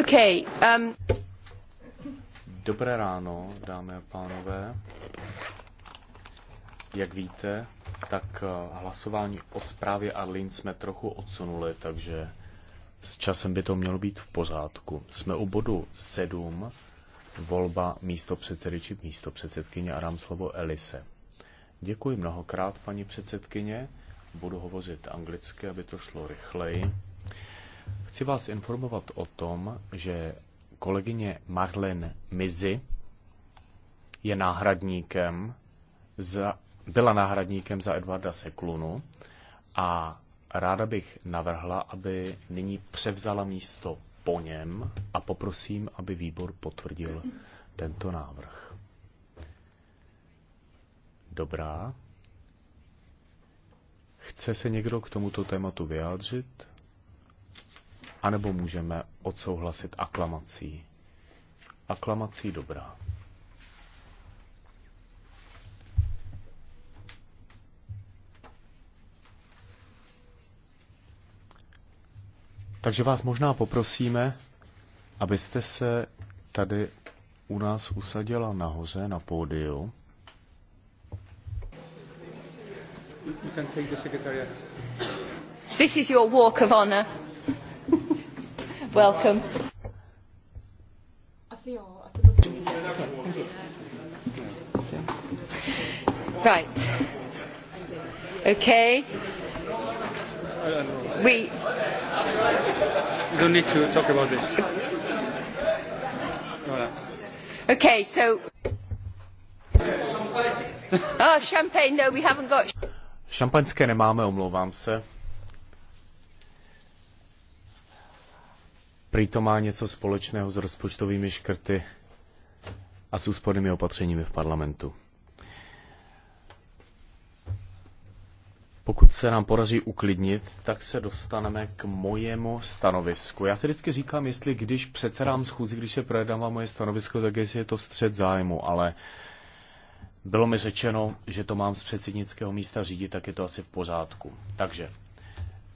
Okay, um... Dobré ráno, dámy a pánové. Jak víte, tak eh, hlasování o zprávě Arlín jsme trochu odsunuli, takže s časem by to mělo být v pořádku. Jsme u bodu 7, volba místo předsedy či místo předsedkyně a dám slovo Elise. Děkuji mnohokrát, paní předsedkyně. Budu hovořit anglicky, aby to šlo rychleji. Chci vás informovat o tom, že kolegyně Marlen Mizi je náhradníkem za, byla náhradníkem za Edvarda Seklunu a ráda bych navrhla, aby nyní převzala místo po něm a poprosím, aby výbor potvrdil tento návrh. Dobrá. Chce se někdo k tomuto tématu vyjádřit? anebo můžeme odsouhlasit aklamací. Aklamací dobrá. Takže vás možná poprosíme, abyste se tady u nás usadila nahoře na pódiu. This is your walk of honor. Welcome. Right. Okay. We don't need to talk about this. Okay, so Oh, champagne, no, we haven't got Šampaňské nemáme, omlouvám se. Prý to má něco společného s rozpočtovými škrty a s úspornými opatřeními v parlamentu. Pokud se nám podaří uklidnit, tak se dostaneme k mojemu stanovisku. Já si vždycky říkám, jestli když předsedám schůzi, když se projednává moje stanovisko, tak jestli je to střed zájmu, ale bylo mi řečeno, že to mám z předsednického místa řídit, tak je to asi v pořádku. Takže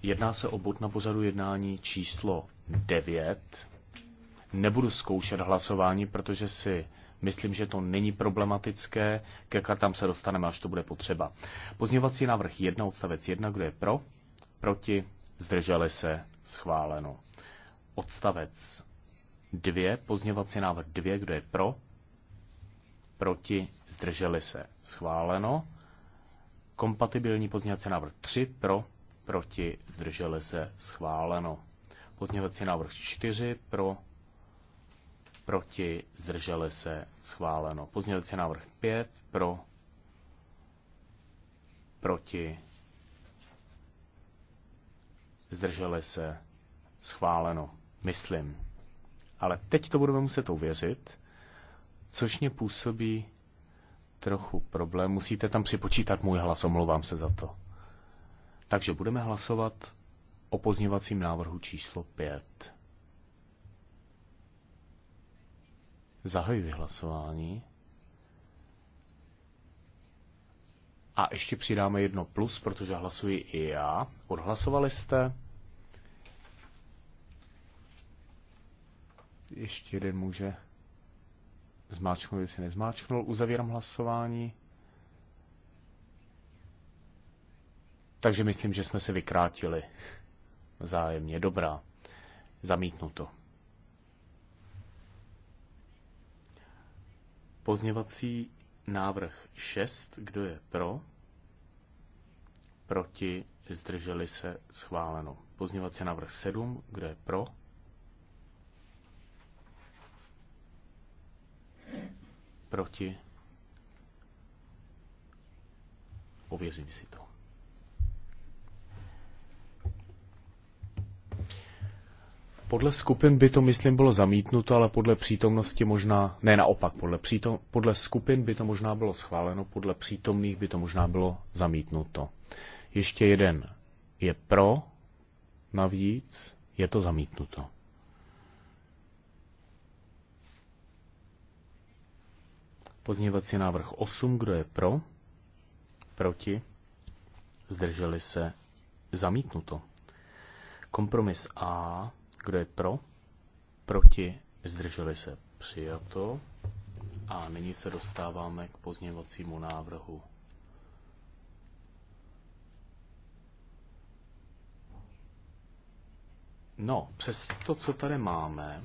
Jedná se o bod na pořadu jednání číslo 9. Nebudu zkoušet hlasování, protože si myslím, že to není problematické. Ke kartám se dostaneme, až to bude potřeba. Pozměňovací návrh 1, odstavec 1, kdo je pro? Proti? Zdrželi se? Schváleno. Odstavec 2, pozměňovací návrh 2, kdo je pro? Proti? Zdrželi se? Schváleno. Kompatibilní pozměňovací návrh 3, pro? proti, zdrželi se, schváleno. Pozměňovací návrh 4 pro, proti, zdrželi se, schváleno. Pozměňovací návrh 5 pro, proti, zdrželi se, schváleno, myslím. Ale teď to budeme muset uvěřit, což mě působí trochu problém. Musíte tam připočítat můj hlas, omlouvám se za to. Takže budeme hlasovat o pozněvacím návrhu číslo 5. Zahajuji hlasování. A ještě přidáme jedno plus, protože hlasuji i já. Odhlasovali jste. Ještě jeden může zmáčknout, jestli nezmáčknul. Uzavírám hlasování. Takže myslím, že jsme se vykrátili zájemně. Dobrá. to. Pozněvací návrh 6. Kdo je pro? Proti? Zdrželi se? Schváleno. Pozněvací návrh 7. Kdo je pro? Proti? Ověřím si to. Podle skupin by to, myslím, bylo zamítnuto, ale podle přítomnosti možná, ne naopak, podle, přítom, podle skupin by to možná bylo schváleno, podle přítomných by to možná bylo zamítnuto. Ještě jeden je pro, navíc je to zamítnuto. Pozměvací návrh 8, kdo je pro, proti, zdrželi se, zamítnuto. Kompromis A, kdo je pro? Proti? Zdrželi se? Přijato. A nyní se dostáváme k pozněvacímu návrhu. No, přes to, co tady máme,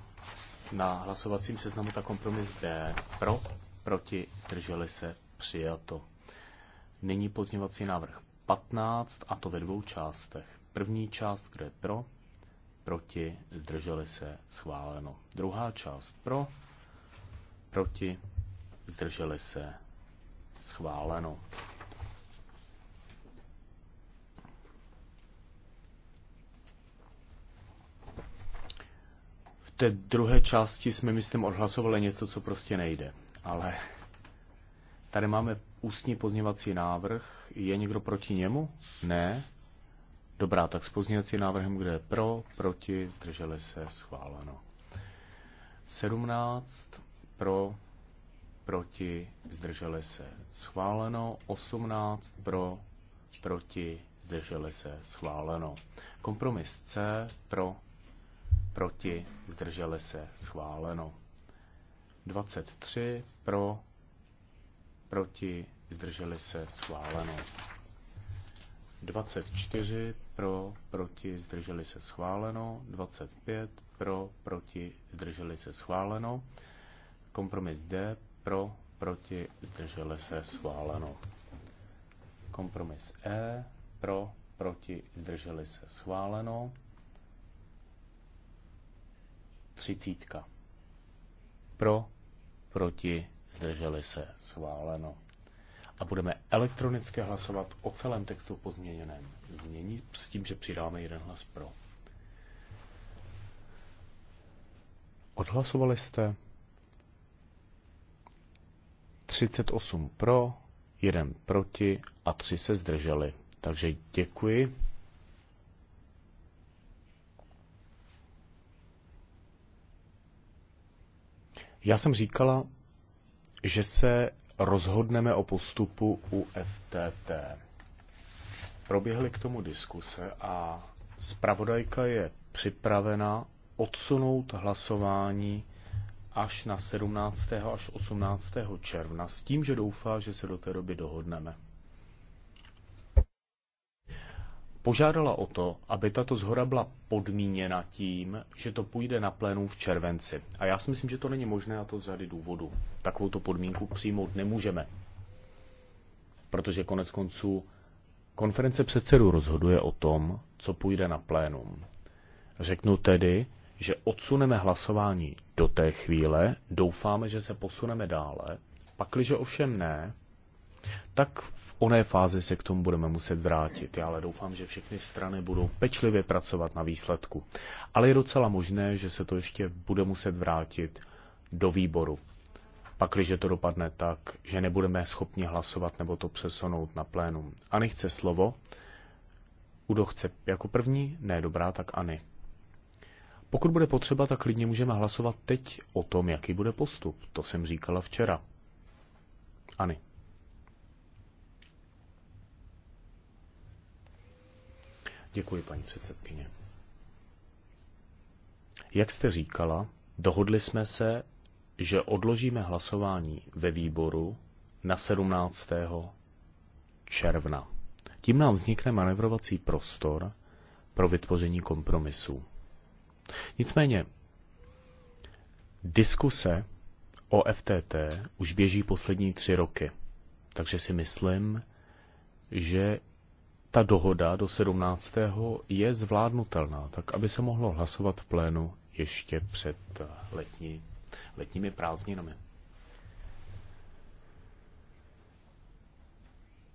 na hlasovacím seznamu ta kompromis D. Pro, proti, zdrželi se, přijato. Nyní pozněvací návrh 15, a to ve dvou částech. První část, kde je pro, proti, zdrželi se, schváleno. Druhá část pro, proti, zdrželi se, schváleno. V té druhé části jsme, myslím, odhlasovali něco, co prostě nejde. Ale tady máme ústní pozněvací návrh. Je někdo proti němu? Ne. Dobrá, tak s pozměňovacím návrhem, kde je pro, proti, zdrželi se, schváleno. 17 pro, proti, zdrželi se, schváleno. 18 pro, proti, zdrželi se, schváleno. Kompromis C pro, proti, zdrželi se, schváleno. 23 pro, proti, zdrželi se, schváleno. 24 pro, proti, zdrželi se schváleno. 25 pro, proti, zdrželi se schváleno. Kompromis D pro, proti, zdrželi se schváleno. Kompromis E pro, proti, zdrželi se schváleno. Třicítka pro, proti, zdrželi se schváleno a budeme elektronicky hlasovat o celém textu v pozměněném znění s tím, že přidáme jeden hlas pro. Odhlasovali jste 38 pro, 1 proti a 3 se zdrželi. Takže děkuji. Já jsem říkala, že se rozhodneme o postupu u FTT. Proběhly k tomu diskuse a zpravodajka je připravena odsunout hlasování až na 17. až 18. června s tím, že doufá, že se do té doby dohodneme. požádala o to, aby tato zhoda byla podmíněna tím, že to půjde na plénu v červenci. A já si myslím, že to není možné a to z řady důvodů. Takovou to podmínku přijmout nemůžeme. Protože konec konců konference předsedů rozhoduje o tom, co půjde na plénum. Řeknu tedy, že odsuneme hlasování do té chvíle, doufáme, že se posuneme dále, pakliže ovšem ne, tak oné fázi se k tomu budeme muset vrátit. Já ale doufám, že všechny strany budou pečlivě pracovat na výsledku. Ale je docela možné, že se to ještě bude muset vrátit do výboru. Pakliže to dopadne tak, že nebudeme schopni hlasovat nebo to přesunout na plénum. Ani chce slovo. Udo chce jako první? Ne, dobrá, tak Ani. Pokud bude potřeba, tak klidně můžeme hlasovat teď o tom, jaký bude postup. To jsem říkala včera. Ani. Děkuji, paní předsedkyně. Jak jste říkala, dohodli jsme se, že odložíme hlasování ve výboru na 17. června. Tím nám vznikne manevrovací prostor pro vytvoření kompromisů. Nicméně, diskuse o FTT už běží poslední tři roky, takže si myslím, že ta dohoda do 17. je zvládnutelná, tak aby se mohlo hlasovat v plénu ještě před letní, letními prázdninami.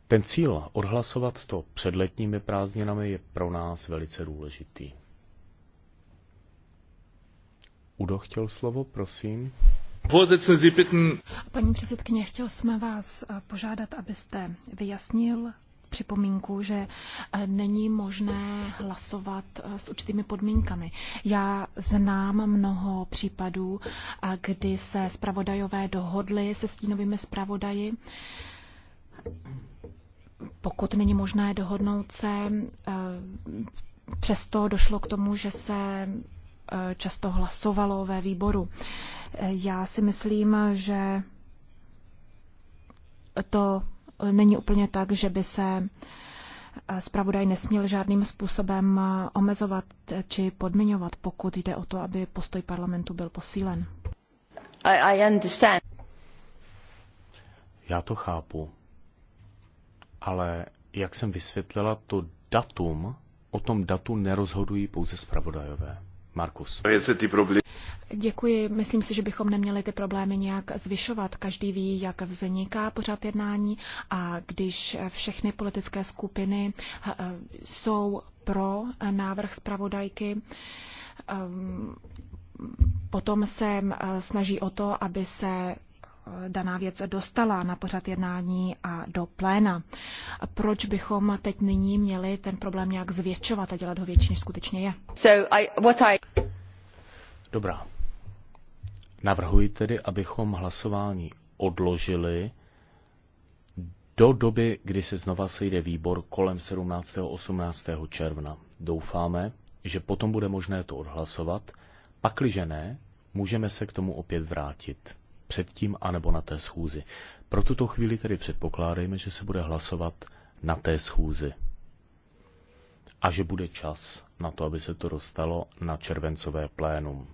Ten cíl odhlasovat to před letními prázdninami je pro nás velice důležitý. Udo chtěl slovo, prosím. Paní předsedkyně, chtěl jsme vás eh, požádat, abyste vyjasnil připomínku, že eh, není možné hlasovat eh, s určitými podmínkami. Já znám mnoho případů, eh, kdy se zpravodajové dohodli se stínovými zpravodaji. Pokud není možné dohodnout se, přesto došlo k tomu, že se často hlasovalo ve výboru. Já si myslím, že to není úplně tak, že by se eh, zpravodaj nesměl žádným způsobem eh, omezovat či podmiňovat, pokud jde o to, aby postoj parlamentu byl posílen. I, I understand. Já to chápu, ale jak jsem vysvětlila, to datum, o tom datu nerozhodují pouze zpravodajové. Markus. Děkuji. Myslím si, že bychom neměli ty problémy nějak zvyšovat. Každý ví, jak vzniká pořád jednání a když všechny politické skupiny eh, jsou pro eh, návrh zpravodajky, ehm, potom se eh, snaží o to, aby se daná věc dostala na pořad jednání a do pléna. Proč bychom teď nyní měli ten problém nějak zvětšovat a dělat ho větší, než skutečně je? So I, what I... Dobrá, Navrhuji tedy, abychom hlasování odložili do doby, kdy se znova sejde výbor kolem 17. 18. června. Doufáme, že potom bude možné to odhlasovat. Pakliže ne, můžeme se k tomu opět vrátit. Předtím anebo na té schůzi. Pro tuto chvíli tedy předpokládejme, že se bude hlasovat na té schůzi. A že bude čas na to, aby se to dostalo na červencové plénum.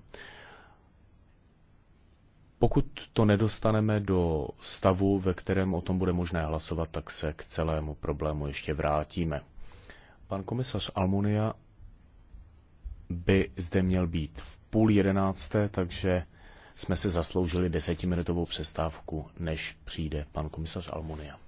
Pokud to nedostaneme do stavu, ve kterém o tom bude možné hlasovat, tak se k celému problému ještě vrátíme. Pan komisař Almunia by zde měl být v půl jedenácté, takže jsme se zasloužili desetiminutovou přestávku, než přijde pan komisař Almunia.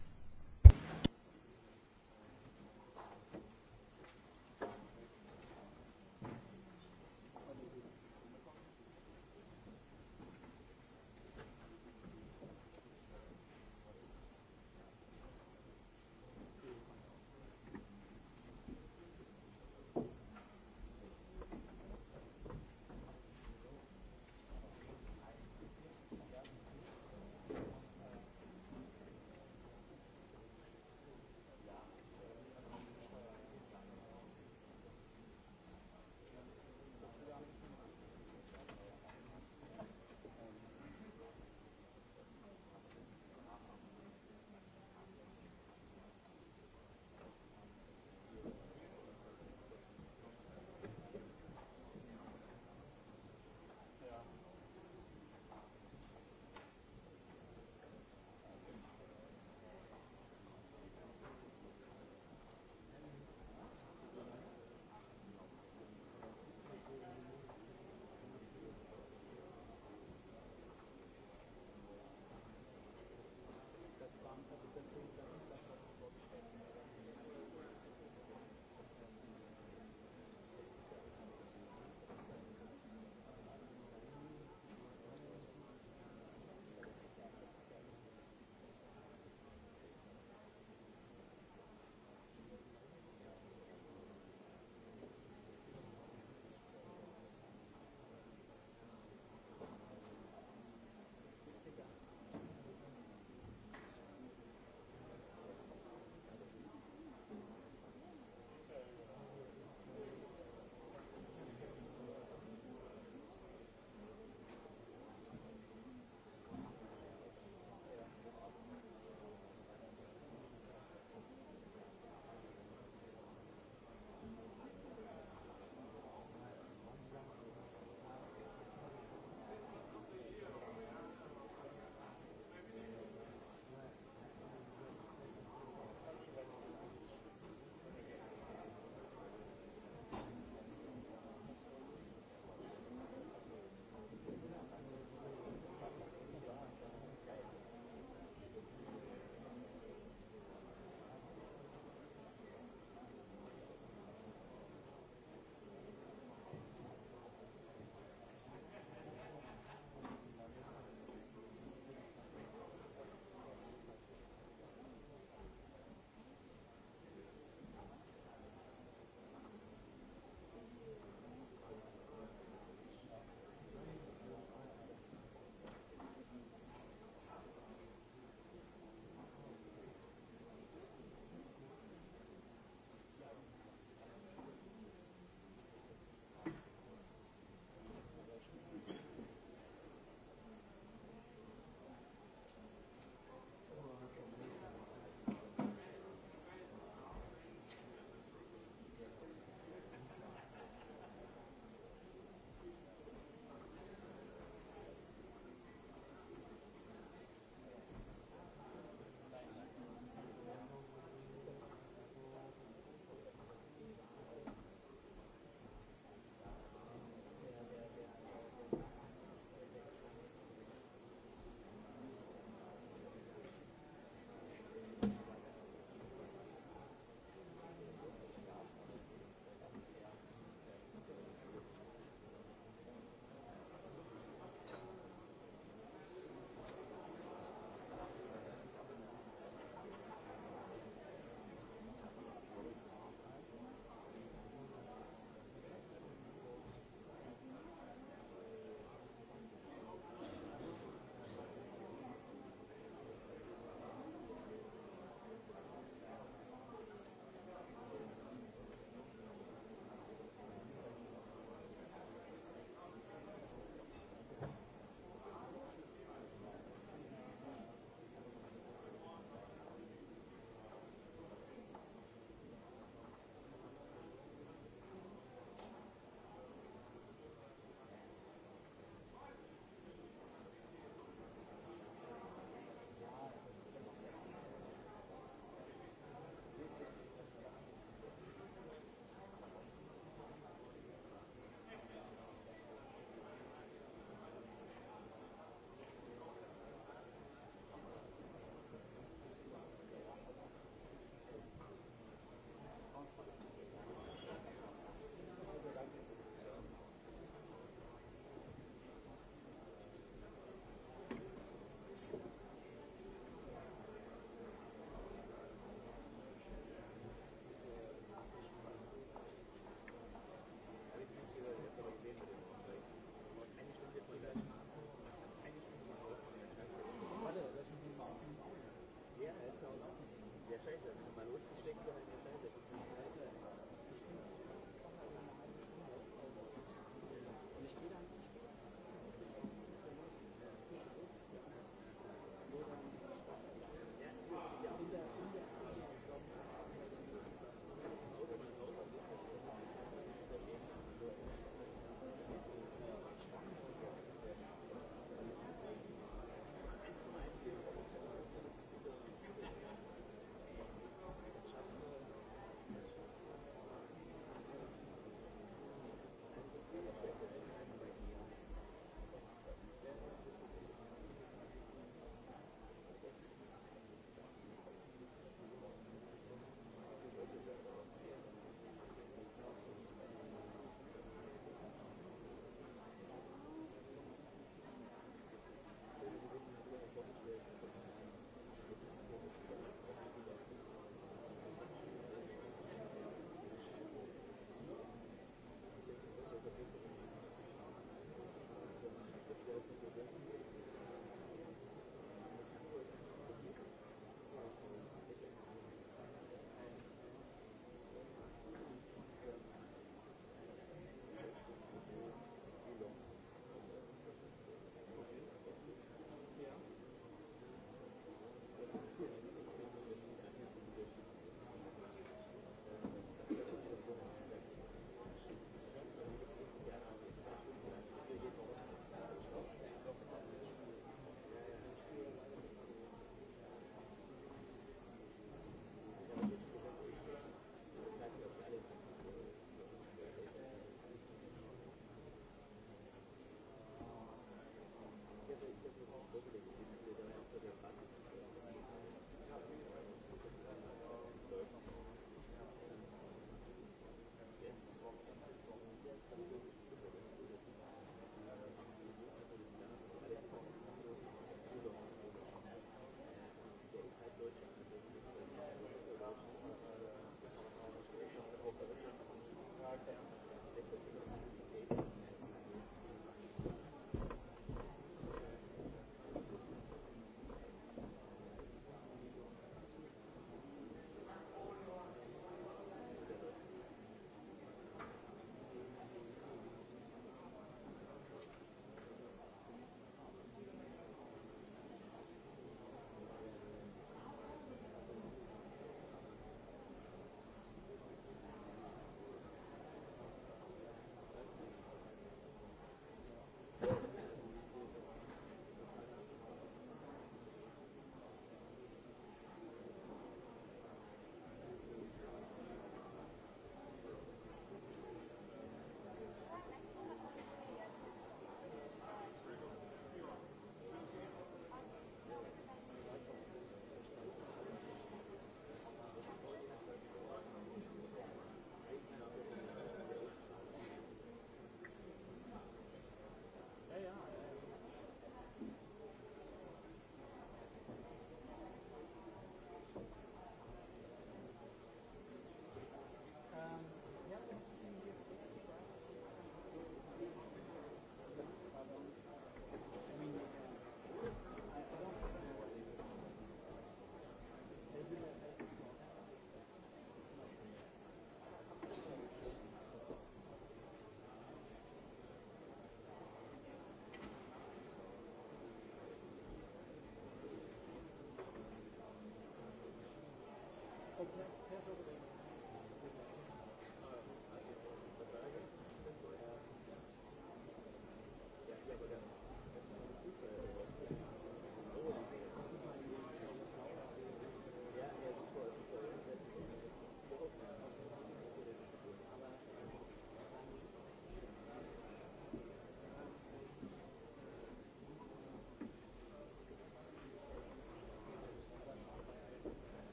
Yes, yes, over there.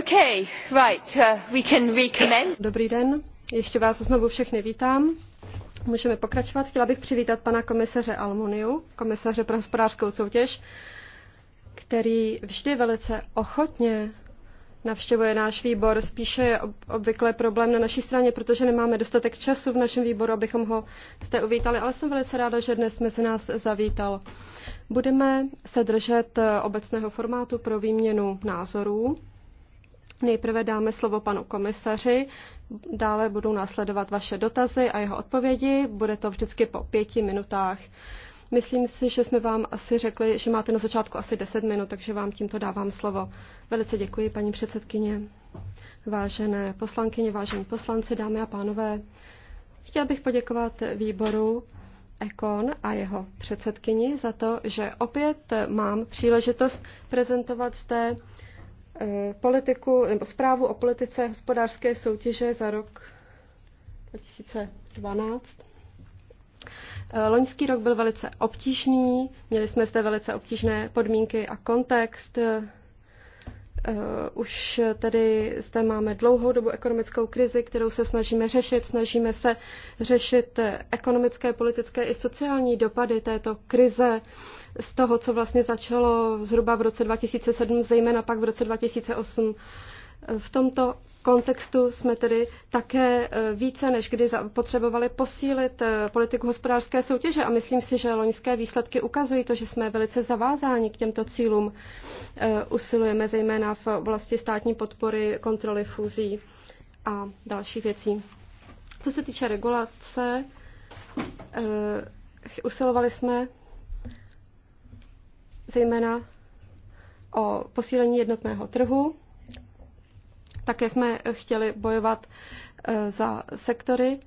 Okay, right, uh, we can recommend. Dobrý den, ještě vás znovu všechny vítám. Můžeme pokračovat. Chtěla bych přivítat pana komisaře Almuniu, komisaře pro hospodářskou soutěž, který vždy velice ochotně navštěvuje náš výbor. Spíše je obvykle problém na naší straně, protože nemáme dostatek času v našem výboru, abychom ho zde uvítali, ale jsem velice ráda, že dnes mezi nás zavítal. Budeme se držet eh, obecného formátu pro výměnu názorů. Nejprve dáme slovo panu komisaři, dále budou následovat vaše dotazy a jeho odpovědi. Bude to vždycky po pěti minutách. Myslím si, že jsme vám asi řekli, že máte na začátku asi 10 minut, takže vám tímto dávám slovo. Velice děkuji, paní předsedkyně. Vážené poslankyně, vážení poslanci, dámy a pánové, chtěl bych poděkovat výboru Ekon a jeho předsedkyni za to, že opět mám příležitost prezentovat zde Eh, politiku nebo zprávu o politice hospodářské soutěže za rok 2012. Eh, loňský rok byl velice obtížný, měli jsme zde velice obtížné podmínky a kontext, eh, Eh, už tady zde máme dlouhou dobu ekonomickou krizi, kterou se snažíme řešit. Snažíme se řešit ekonomické, politické i sociální dopady této krize z toho, co vlastně začalo zhruba v roce 2007, zejména pak v roce 2008. V tomto kontextu jsme tedy také eh, více než kdy potřebovali posílit eh, politiku hospodářské soutěže a myslím si, že loňské výsledky ukazují to, že jsme velice zavázáni k těmto cílům. Eh, usilujeme zejména v oblasti státní podpory, kontroly fúzí a dalších věcí. Co se týče regulace, usilovali jsme zejména o posílení jednotného trhu, také jsme chtěli bojovat eh, za sektory,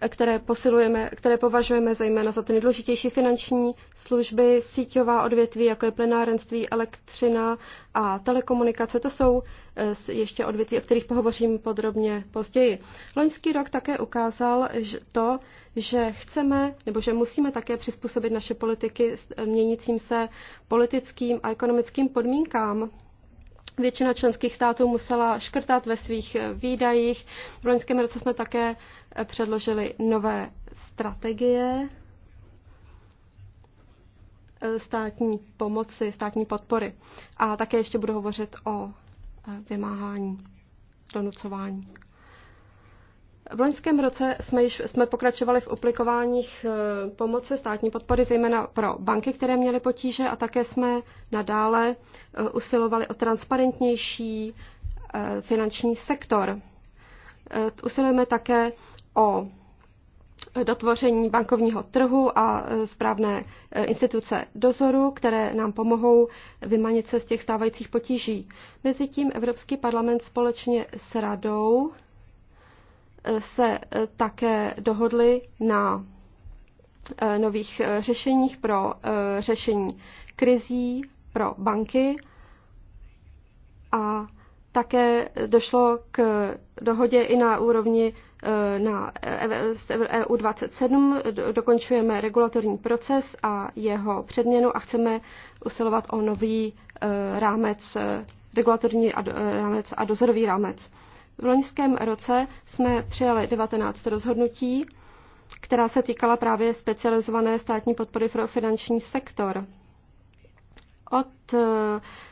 eh, které posilujeme, které považujeme zejména za ty nejdůležitější finanční služby, síťová odvětví, jako je plenárenství, elektřina a telekomunikace. To jsou eh, ještě odvětví, o kterých pohovořím podrobně později. Loňský rok také ukázal že to, že chceme nebo že musíme také přizpůsobit naše politiky měnícím se politickým a ekonomickým podmínkám. Většina členských států musela škrtat ve svých eh, výdajích. V loňském roce jsme také eh, předložili nové strategie eh, státní pomoci, státní podpory. A také ještě budu hovořit o vymáhání, donucování. V loňském roce jsme, již, jsme pokračovali v aplikováních eh, pomoci státní podpory, zejména pro banky, které měly potíže a také jsme nadále eh, usilovali o transparentnější eh, finanční sektor. Usilujeme také o dotvoření bankovního trhu a správné instituce dozoru, které nám pomohou vymanit se z těch stávajících potíží. Mezitím Evropský parlament společně s radou se eh, také dohodli na eh, nových eh, řešeních pro řešení krizí pro banky a také došlo k dohodě i na úrovni na EU27. E dokončujeme regulatorní proces a jeho předměnu a chceme usilovat o nový rámec, regulatorní rámec a dozorový rámec. V loňském roce jsme přijali 19 rozhodnutí, která se týkala právě specializované státní podpory pro finanční sektor. Od eh,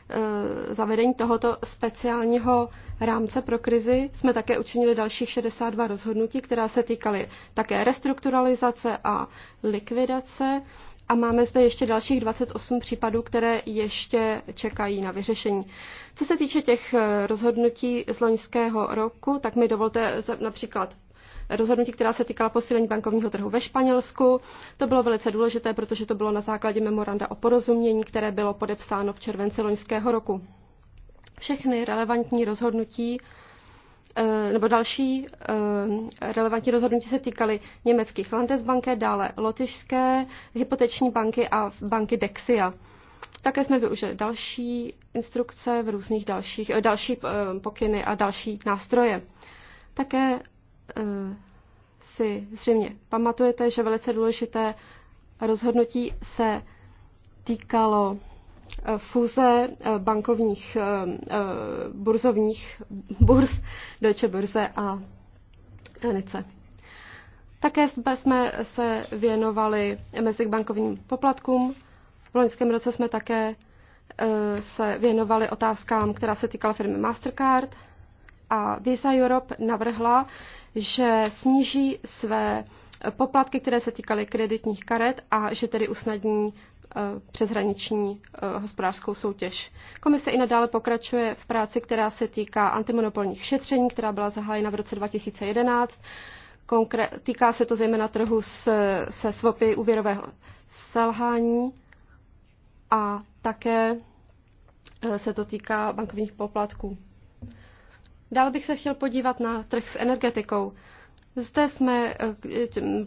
eh, zavedení tohoto speciálního rámce pro krizi jsme také učinili dalších 62 rozhodnutí, která se týkaly také restrukturalizace a likvidace a máme zde ještě dalších 28 případů, které ještě čekají na vyřešení. Co se týče těch eh, rozhodnutí z loňského roku, tak mi dovolte například rozhodnutí, která se týkala posílení bankovního trhu ve Španělsku. To bylo velice důležité, protože to bylo na základě memoranda o porozumění, které bylo podepsáno v červenci loňského roku. Všechny relevantní rozhodnutí Eh, nebo další eh, relevantní rozhodnutí se týkaly německých Landesbanke, dále lotyšské hypoteční banky a banky Dexia. Také jsme využili další instrukce v různých dalších, eh, další pokyny a další nástroje. Také si zřejmě pamatujete, že velice důležité rozhodnutí se týkalo fúze eh, bankovních eh, eh, burzovních burz Deutsche Börse a Nice. Také jsme se věnovali mezibankovním poplatkům. V loňském roce jsme také se věnovali otázkám, která se týkala firmy Mastercard a Visa Europe navrhla, že sníží své poplatky, které se týkaly kreditních karet a že tedy usnadní Eh, přeshraniční eh, hospodářskou soutěž. Komise i nadále pokračuje v práci, která se týká antimonopolních šetření, která byla zahájena v roce 2011. Konkre- týká se to zejména trhu s, se svopy úvěrového selhání a také eh, se to týká bankovních poplatků. Dále bych se chtěl podívat na trh s energetikou. Zde jsme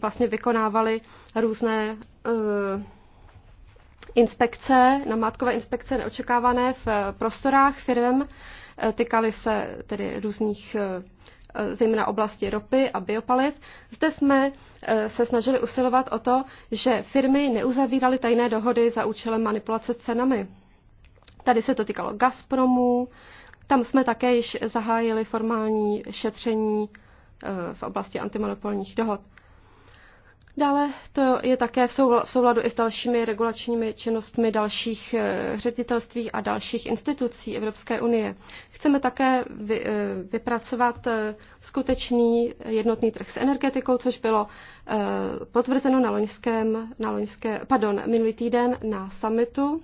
vlastně vykonávali různé inspekce, namátkové inspekce neočekávané v eh, prostorách firm. Eh, Týkaly se tedy různých eh, zejména oblasti ropy a biopaliv. Zde jsme se snažili usilovat o to, že firmy neuzavíraly tajné dohody za účelem manipulace s cenami. Tady se to týkalo Gazpromu, tam jsme také již zahájili formální šetření v oblasti antimonopolních dohod. Dále to je také v souladu i s dalšími regulačními činnostmi dalších eh, ředitelství a dalších institucí Evropské unie. Chceme také vy, eh, vypracovat eh, skutečný jednotný trh s energetikou, což bylo potvrzeno na loňském, na loňské, pardon, minulý týden na summitu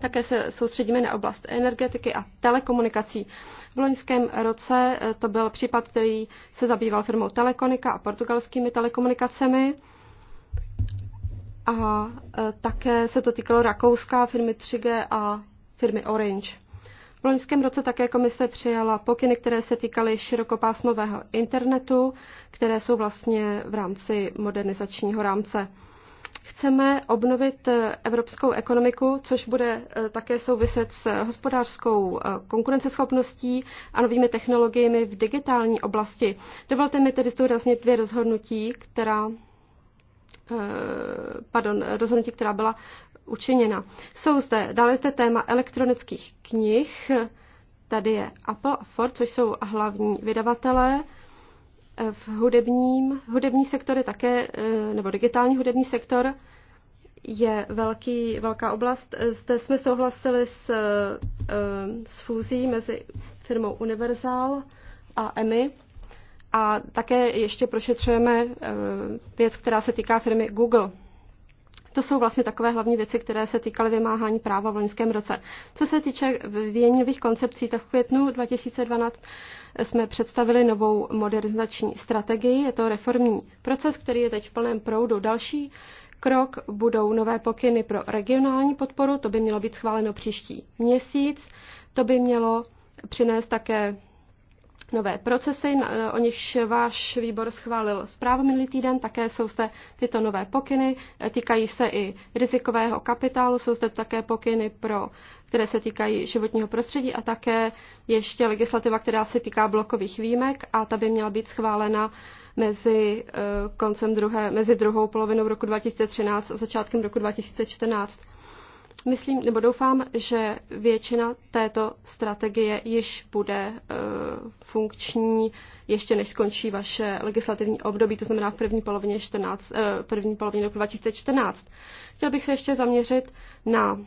také se soustředíme na oblast energetiky a telekomunikací. V loňském roce eh, to byl případ, který se zabýval firmou Telekonika a portugalskými telekomunikacemi. A eh, také se to týkalo Rakouska, firmy 3G a firmy Orange. V loňském roce také komise přijala pokyny, které se týkaly širokopásmového internetu, které jsou vlastně v rámci modernizačního rámce. Chceme obnovit eh, evropskou ekonomiku, což bude eh, také souviset s hospodářskou eh, konkurenceschopností a novými technologiemi v digitální oblasti. Dovolte mi tedy zdůraznit dvě rozhodnutí, která pardon, rozhodnutí, která byla učiněna. Jsou zde, dále zde téma elektronických knih, tady je Apple a Ford, což jsou hlavní vydavatelé v hudebním, hudební sektor je také, eh, nebo digitální hudební sektor je velký, velká oblast. Zde jsme souhlasili s, eh, s fúzí mezi firmou Universal a EMI. A také ještě prošetřujeme eh, věc, která se týká firmy Google. To jsou vlastně takové hlavní věci, které se týkaly vymáhání práva v loňském roce. Co se týče věnivých koncepcí, tak v květnu 2012 jsme představili novou modernizační strategii. Je to reformní proces, který je teď v plném proudu. Další krok budou nové pokyny pro regionální podporu. To by mělo být schváleno příští měsíc. To by mělo přinést také nové procesy, eh, o nichž váš výbor schválil zprávu minulý týden, také jsou zde tyto nové pokyny, eh, týkají se i rizikového kapitálu, jsou zde také pokyny, pro, které se týkají životního prostředí a také ještě legislativa, která se týká blokových výjimek a ta by měla být schválena mezi eh, koncem druhé, mezi druhou polovinou roku 2013 a začátkem roku 2014. Myslím, nebo doufám, že většina této strategie již bude e, funkční ještě než skončí vaše legislativní období, to znamená v první polovině, 14, e, první polovině roku 2014. Chtěl bych se ještě zaměřit na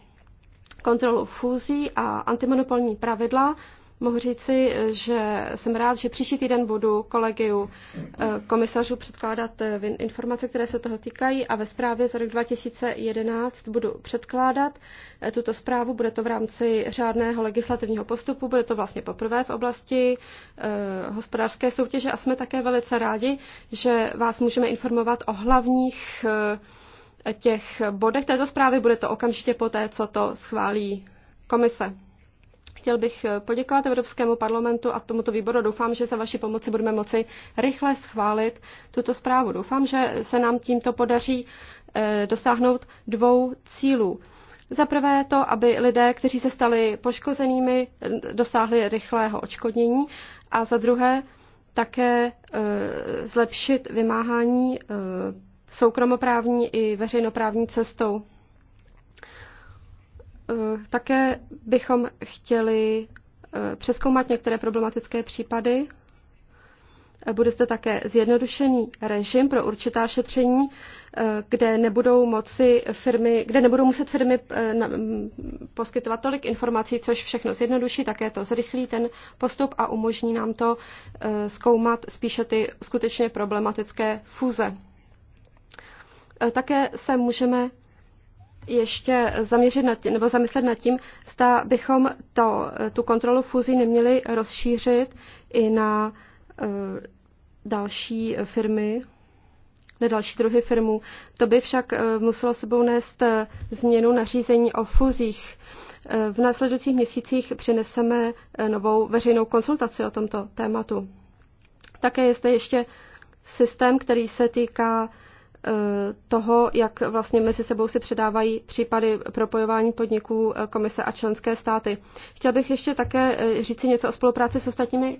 kontrolu fúzí a antimonopolní pravidla. Mohu říci, že jsem rád, že příští týden budu kolegiu eh, komisařů předkládat eh, informace, které se toho týkají a ve zprávě za rok 2011 budu předkládat eh, tuto zprávu. Bude to v rámci řádného legislativního postupu, bude to vlastně poprvé v oblasti hospodářské soutěže a jsme také velice rádi, že vás můžeme informovat o hlavních těch bodech této zprávy. Bude to okamžitě poté, co to schválí komise. Chtěl bych eh, poděkovat Evropskému parlamentu a tomuto výboru. Doufám, že za vaši pomoci budeme moci rychle schválit tuto zprávu. Doufám, že se nám tímto podaří eh, dosáhnout dvou cílů. Za prvé to, aby lidé, kteří se stali poškozenými, eh, dosáhli rychlého očkodnění a za druhé také zlepšit vymáhání soukromoprávní i veřejnoprávní cestou. Eh, také bychom chtěli eh, přeskoumat některé problematické případy. Eh, bude zde také zjednodušený režim pro určitá šetření, kde nebudou moci firmy, kde nebudou muset firmy poskytovat tolik informací, což všechno zjednoduší, také to zrychlí ten postup a umožní nám to zkoumat spíše ty skutečně problematické fúze. Také se můžeme ještě zaměřit nad tím, nebo zamyslet nad tím, zda bychom to, tu kontrolu fúzí neměli rozšířit i na uh, další firmy, na další druhy firmů. To by však uh, muselo sebou nést eh, změnu nařízení o fúzích. V následujících měsících přineseme novou veřejnou konsultaci o tomto tématu. Také je zde ještě systém, který se týká Eh, toho, jak vlastně mezi sebou si předávají případy propojování podniků eh, komise a členské státy. Chtěl bych ještě také eh, říci něco o spolupráci s ostatními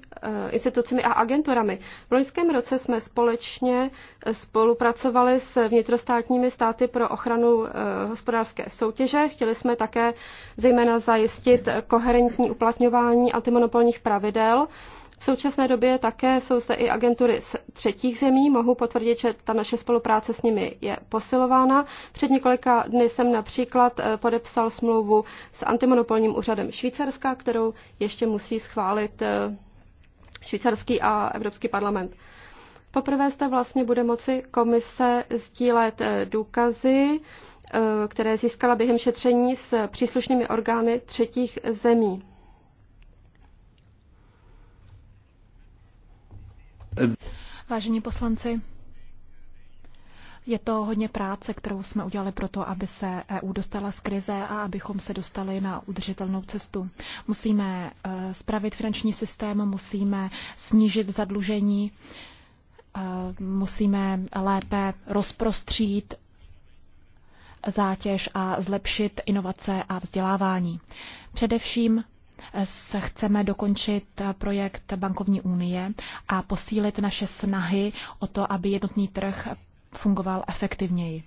institucemi a agenturami. V loňském roce jsme společně spolupracovali s vnitrostátními státy pro ochranu hospodářské soutěže. Chtěli jsme také zejména zajistit koherentní uplatňování antimonopolních pravidel v současné době také jsou zde i agentury z třetích zemí. Mohu potvrdit, že ta naše spolupráce s nimi je posilována. Před několika dny jsem například eh, podepsal smlouvu s antimonopolním úřadem Švýcarska, kterou ještě musí schválit eh, švýcarský a Evropský parlament. Poprvé zde vlastně bude moci komise sdílet eh, důkazy, které získala během šetření s příslušnými orgány třetích zemí. Vážení poslanci, je to hodně práce, kterou jsme udělali pro to, aby se EU dostala z krize a abychom se dostali na udržitelnou cestu. Musíme eh, spravit finanční systém, musíme snížit zadlužení, eh, musíme lépe rozprostřít zátěž a zlepšit inovace a vzdělávání. Především se chceme dokončit projekt bankovní unie a posílit naše snahy o to, aby jednotný trh fungoval efektivněji.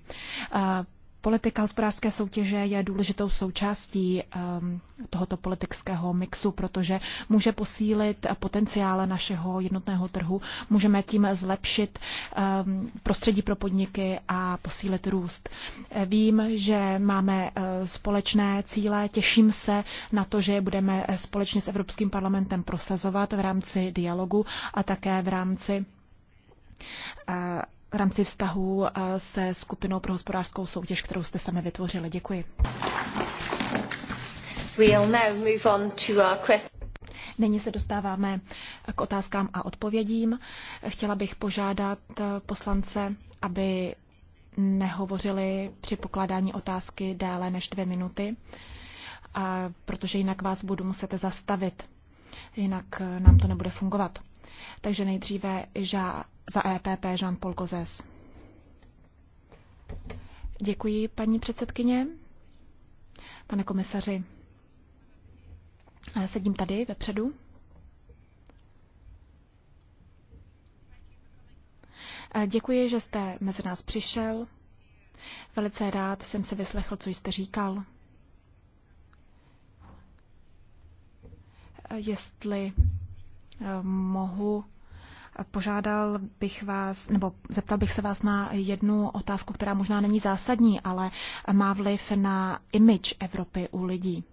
Politika hospodářské soutěže je důležitou součástí um, tohoto politického mixu, protože může posílit potenciál našeho jednotného trhu, můžeme tím zlepšit um, prostředí pro podniky a posílit růst. Vím, že máme eh, společné cíle, těším se na to, že je budeme eh, společně s Evropským parlamentem prosazovat v rámci dialogu a také v rámci eh, v rámci vztahu eh, se skupinou pro hospodářskou soutěž, kterou jste sami vytvořili. Děkuji. We'll now move on to our Nyní se dostáváme k otázkám a odpovědím. Chtěla bych požádat eh, poslance, aby nehovořili při pokládání otázky déle než dvě minuty, eh, protože jinak vás budu muset zastavit, jinak nám to nebude fungovat. Takže nejdříve za EPP Jean-Paul Gozes. Děkuji, paní předsedkyně. Pane komisaři, sedím tady vepředu. Děkuji, že jste mezi nás přišel. Velice rád jsem se vyslechl, co jste říkal. Jestli eh, mohu Požádal bych vás, nebo zeptal bych se vás na jednu otázku, která možná není zásadní, ale má vliv na image Evropy u lidí.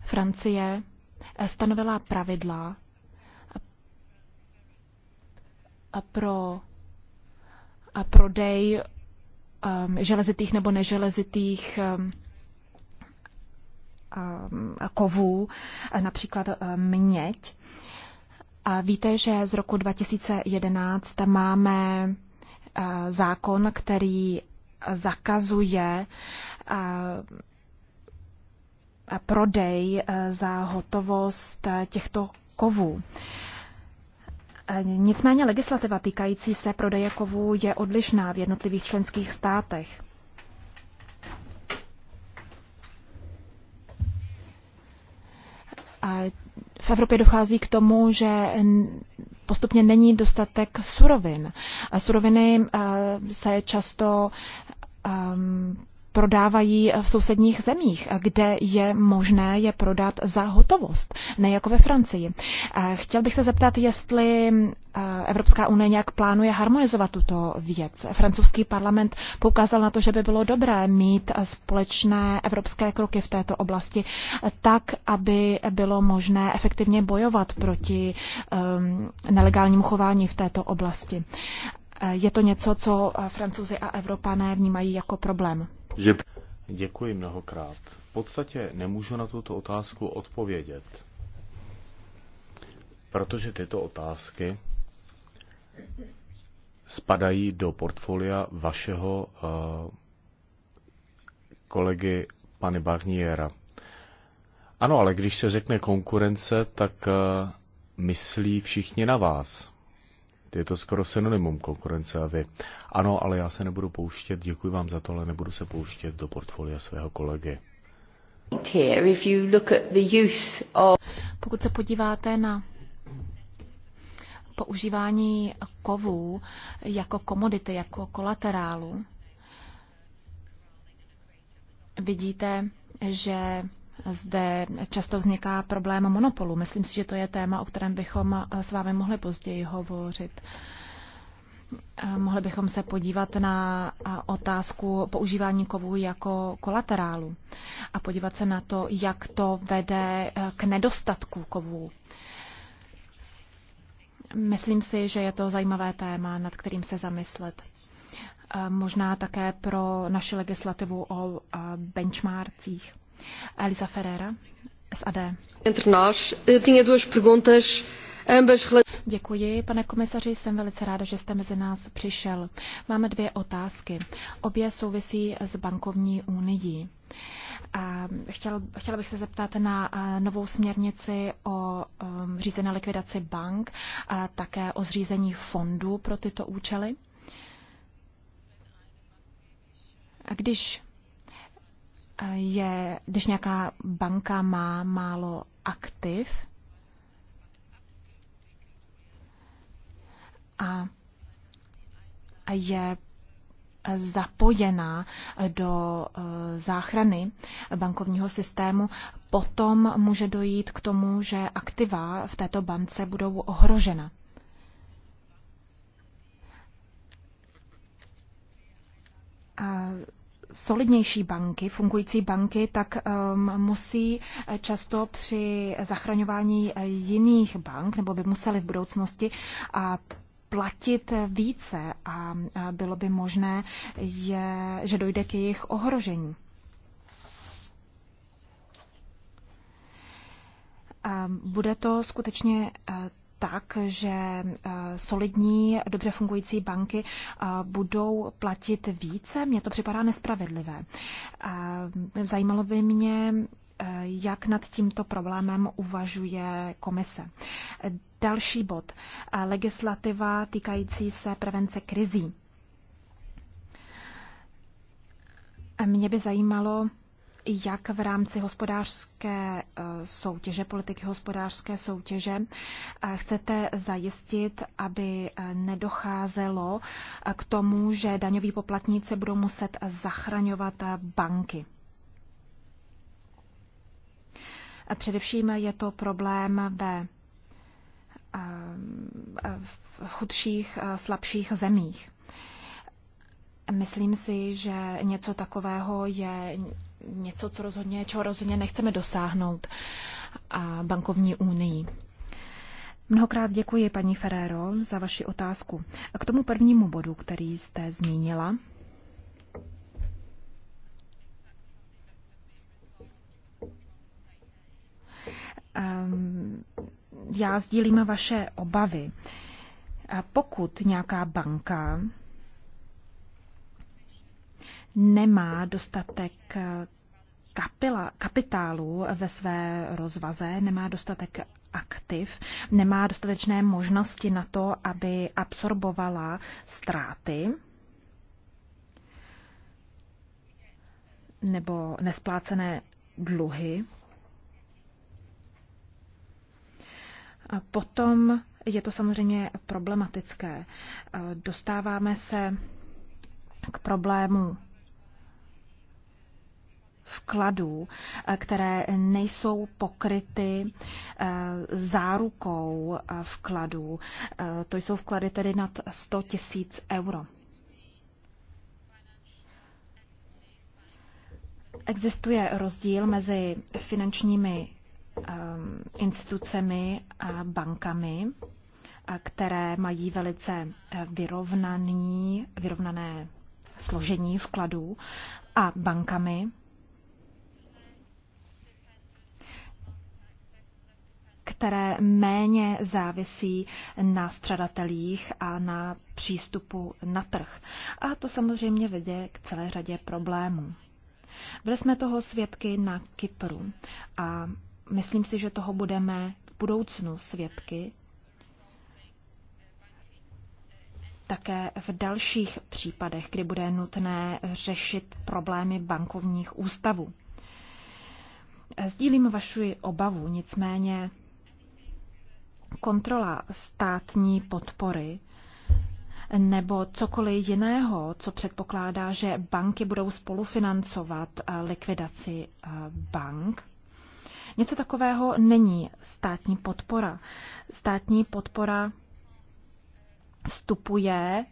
Francie stanovila pravidla pro prodej um, železitých nebo neželezitých um, um, kovů, například uh, měď. A víte, že z roku 2011 máme eh, zákon, který zakazuje eh, prodej eh, za hotovost těchto kovů. Nicméně legislativa týkající se prodeje kovů je odlišná v jednotlivých členských státech. A v Evropě dochází k tomu, že postupně není dostatek surovin. A suroviny eh, se často ehm, prodávají v sousedních zemích, kde je možné je prodat za hotovost, ne jako ve Francii. Chtěl bych se zeptat, jestli Evropská unie nějak plánuje harmonizovat tuto věc. Francouzský parlament poukázal na to, že by bylo dobré mít společné evropské kroky v této oblasti, tak, aby bylo možné efektivně bojovat proti um, nelegálnímu chování v této oblasti. Je to něco, co francouzi a Evropané vnímají jako problém že... Děkuji mnohokrát. V podstatě nemůžu na tuto otázku odpovědět, protože tyto otázky spadají do portfolia vašeho uh, kolegy pane Barniera. Ano, ale když se řekne konkurence, tak uh, myslí všichni na vás. Je to skoro synonymum konkurence a vy. Ano, ale já se nebudu pouštět, děkuji vám za to, ale nebudu se pouštět do portfolia svého kolegy. Pokud se podíváte na používání kovů jako komodity, jako kolaterálu, vidíte, že zde často vzniká problém monopolu. Myslím si, že to je téma, o kterém bychom eh, s vámi mohli později hovořit. Eh, mohli bychom se podívat na eh, otázku používání kovů jako kolaterálu a podívat se na to, jak to vede k nedostatku kovů. Myslím si, že je to zajímavé téma, nad kterým se zamyslet. Možná také pro naši legislativu o benchmarkcích. Elisa Ferreira, SAD. Entre nós, tinha duas perguntas. Děkuji, pane komisaři, jsem velice ráda, že jste mezi nás přišel. Máme dvě otázky. Obě souvisí s bankovní unii. A chtěl, chtěla bych se zeptat na novou směrnici o um, řízené likvidaci bank a také o zřízení fondů pro tyto účely. A když je, když nějaká banka má málo aktiv a je zapojená do e, záchrany bankovního systému, potom může dojít k tomu, že aktiva v této bance budou ohrožena. A solidnější banky, fungující banky, tak um, musí eh, často při zachraňování eh, jiných bank, nebo by museli v budoucnosti a platit eh, více a bylo by možné, je, že dojde k jejich ohrožení. Bude to skutečně tak, že eh, solidní, dobře fungující banky eh, budou platit více? Mně to připadá nespravedlivé. Eh, zajímalo by mě, jak nad tímto problémem uvažuje komise. Další bod. Legislativa týkající se prevence krizí. Mě by zajímalo, jak v rámci hospodářské eh, soutěže, politiky hospodářské soutěže, eh, chcete zajistit, aby eh, nedocházelo k tomu, že daňoví poplatníci budou muset zachraňovat banky. Především je to problém ve v chudších, slabších zemích. Myslím si, že něco takového je něco, co rozhodně, čeho rozhodně nechceme dosáhnout a bankovní unii. Mnohokrát děkuji, paní Ferrero, za vaši otázku. A k tomu prvnímu bodu, který jste zmínila, ehm, já sdílím vaše obavy. A pokud nějaká banka nemá dostatek eh, kapila, kapitálu ve své rozvaze, nemá dostatek aktiv, nemá dostatečné možnosti na to, aby absorbovala ztráty nebo nesplácené dluhy. A potom je to samozřejmě problematické. Eh, dostáváme se k problému vkladů, eh, které nejsou pokryty eh, zárukou eh, vkladů. To jsou vklady tedy nad 100 tisíc euro. Existuje rozdíl mezi finančními institucemi a bankami, které mají velice vyrovnaný, vyrovnané složení vkladů a bankami, které méně závisí na střadatelích a na přístupu na trh. A to samozřejmě vede k celé řadě problémů. Byli jsme toho svědky na Kypru a myslím si, že toho budeme v budoucnu svědky také v dalších případech, kdy bude nutné řešit problémy bankovních ústavů. Sdílím vaši obavu, nicméně kontrola státní podpory nebo cokoliv jiného, co předpokládá, že banky budou spolufinancovat eh, likvidaci eh, bank. Něco takového není státní podpora. Státní podpora vstupuje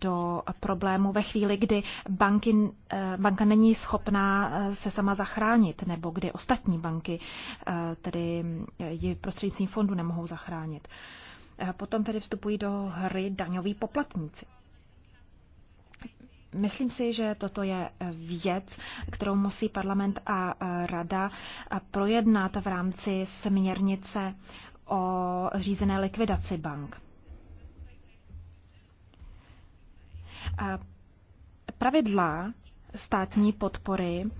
do problému ve chvíli, kdy banky, eh, banka není schopná eh, se sama zachránit, nebo kdy ostatní banky eh, tedy ji prostřednictvím fondu nemohou zachránit. Potom tedy vstupují do hry daňoví poplatníci. Myslím si, že toto je věc, kterou musí parlament a rada projednat v rámci směrnice o řízené likvidaci bank. Pravidla státní podpory ehm,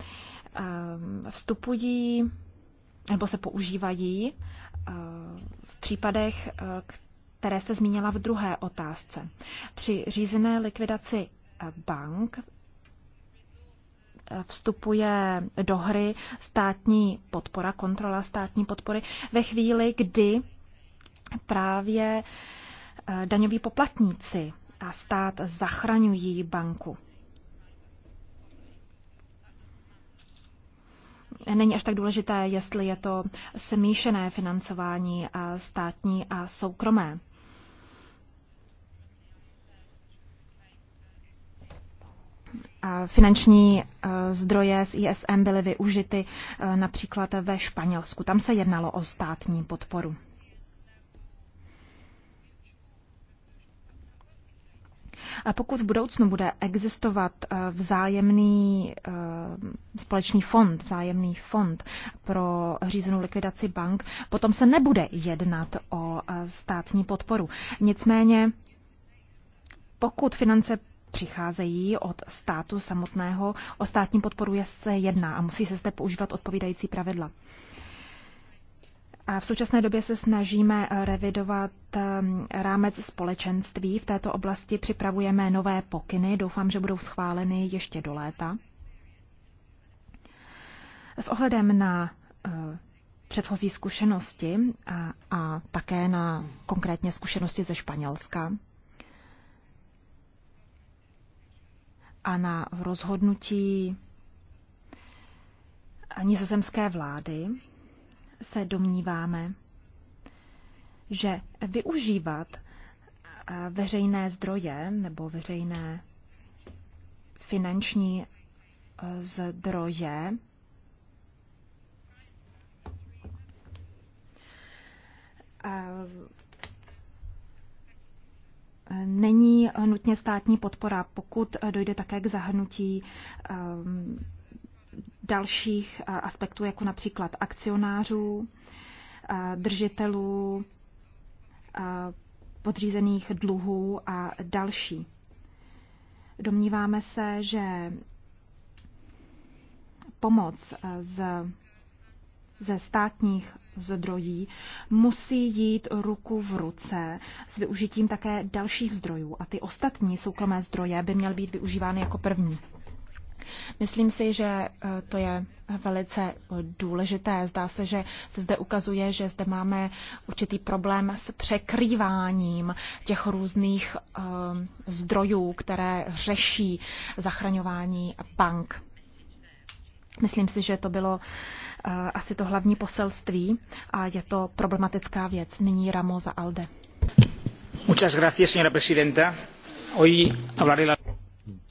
vstupují nebo se používají ehm, v případech, eh, které jste zmínila v druhé otázce. Při řízené likvidaci eh, bank eh, vstupuje do hry státní podpora, kontrola státní podpory ve chvíli, kdy právě daňoví poplatníci a stát zachraňují banku. Není až tak důležité, jestli je to smíšené financování a státní a soukromé. Finanční eh, zdroje z ISM byly využity eh, například ve Španělsku. Tam se jednalo o státní podporu. A pokud v budoucnu bude existovat eh, vzájemný eh, společný fond, vzájemný fond pro řízenou likvidaci bank, potom se nebude jednat o eh, státní podporu. Nicméně, pokud finance přicházejí od státu samotného, o státní podporu je se jedná a musí se zde používat odpovídající pravidla. A v současné době se snažíme eh, revidovat ehm, rámec společenství. V této oblasti připravujeme nové pokyny. Doufám, že budou schváleny ještě do léta. S ohledem na eh, předchozí zkušenosti a, a také na konkrétně zkušenosti ze Španělska a na rozhodnutí nizozemské vlády, se domníváme, že využívat eh, veřejné zdroje nebo veřejné finanční eh, zdroje eh, není nutně státní podpora, pokud dojde také k zahrnutí dalších eh, aspektů, jako například akcionářů, eh, držitelů eh, podřízených dluhů a další. Domníváme se, že pomoc z, ze státních zdrojů musí jít ruku v ruce s využitím také dalších zdrojů a ty ostatní soukromé zdroje by měly být využívány jako první. Myslím si, že eh, to je velice eh, důležité. Zdá se, že se zde ukazuje, že zde máme určitý problém s překrýváním těch různých eh, zdrojů, které řeší zachraňování bank. Myslím si, že to bylo asi to hlavní poselství a je to problematická věc. Nyní Ramo za Alde. Muchas gracias, señora presidenta. Hoy hablaré la...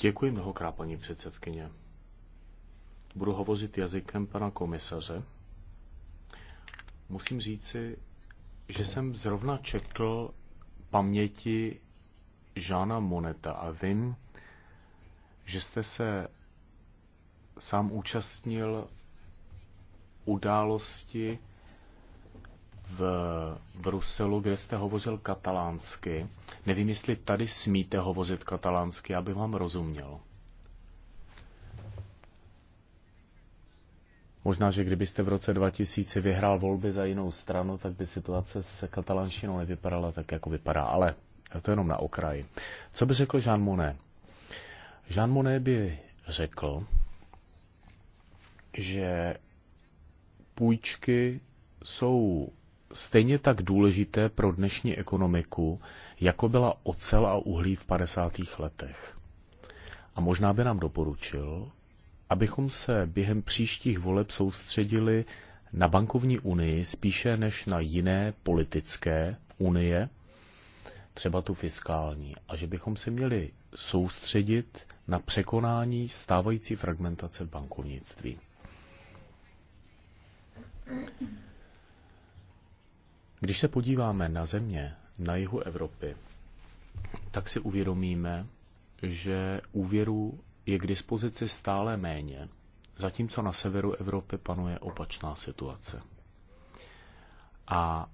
Děkuji mnohokrát, paní předsedkyně. Budu hovořit jazykem pana komisaře. Musím říci, že jsem zrovna četl paměti Žána Moneta a vím, že jste se sám účastnil události v Bruselu, kde jste hovořil katalánsky Nevím, jestli tady smíte hovořit katalánsky, aby vám rozuměl. Možná, že kdybyste v roce 2000 vyhrál volby za jinou stranu, tak by situace se katalánštinou nevypadala tak, jako vypadá. Ale to jenom na okraji. Co by řekl Jean Monnet? Jean Monnet by řekl, že půjčky jsou stejně tak důležité pro dnešní ekonomiku jako byla ocel a uhlí v 50. letech. A možná by nám doporučil, abychom se během příštích voleb soustředili na bankovní unii spíše než na jiné politické unie, třeba tu fiskální, a že bychom se měli soustředit na překonání stávající fragmentace v bankovnictví. Když se podíváme na země, na jihu Evropy, tak si uvědomíme, že úvěru je k dispozici stále méně, zatímco na severu Evropy panuje opačná situace. A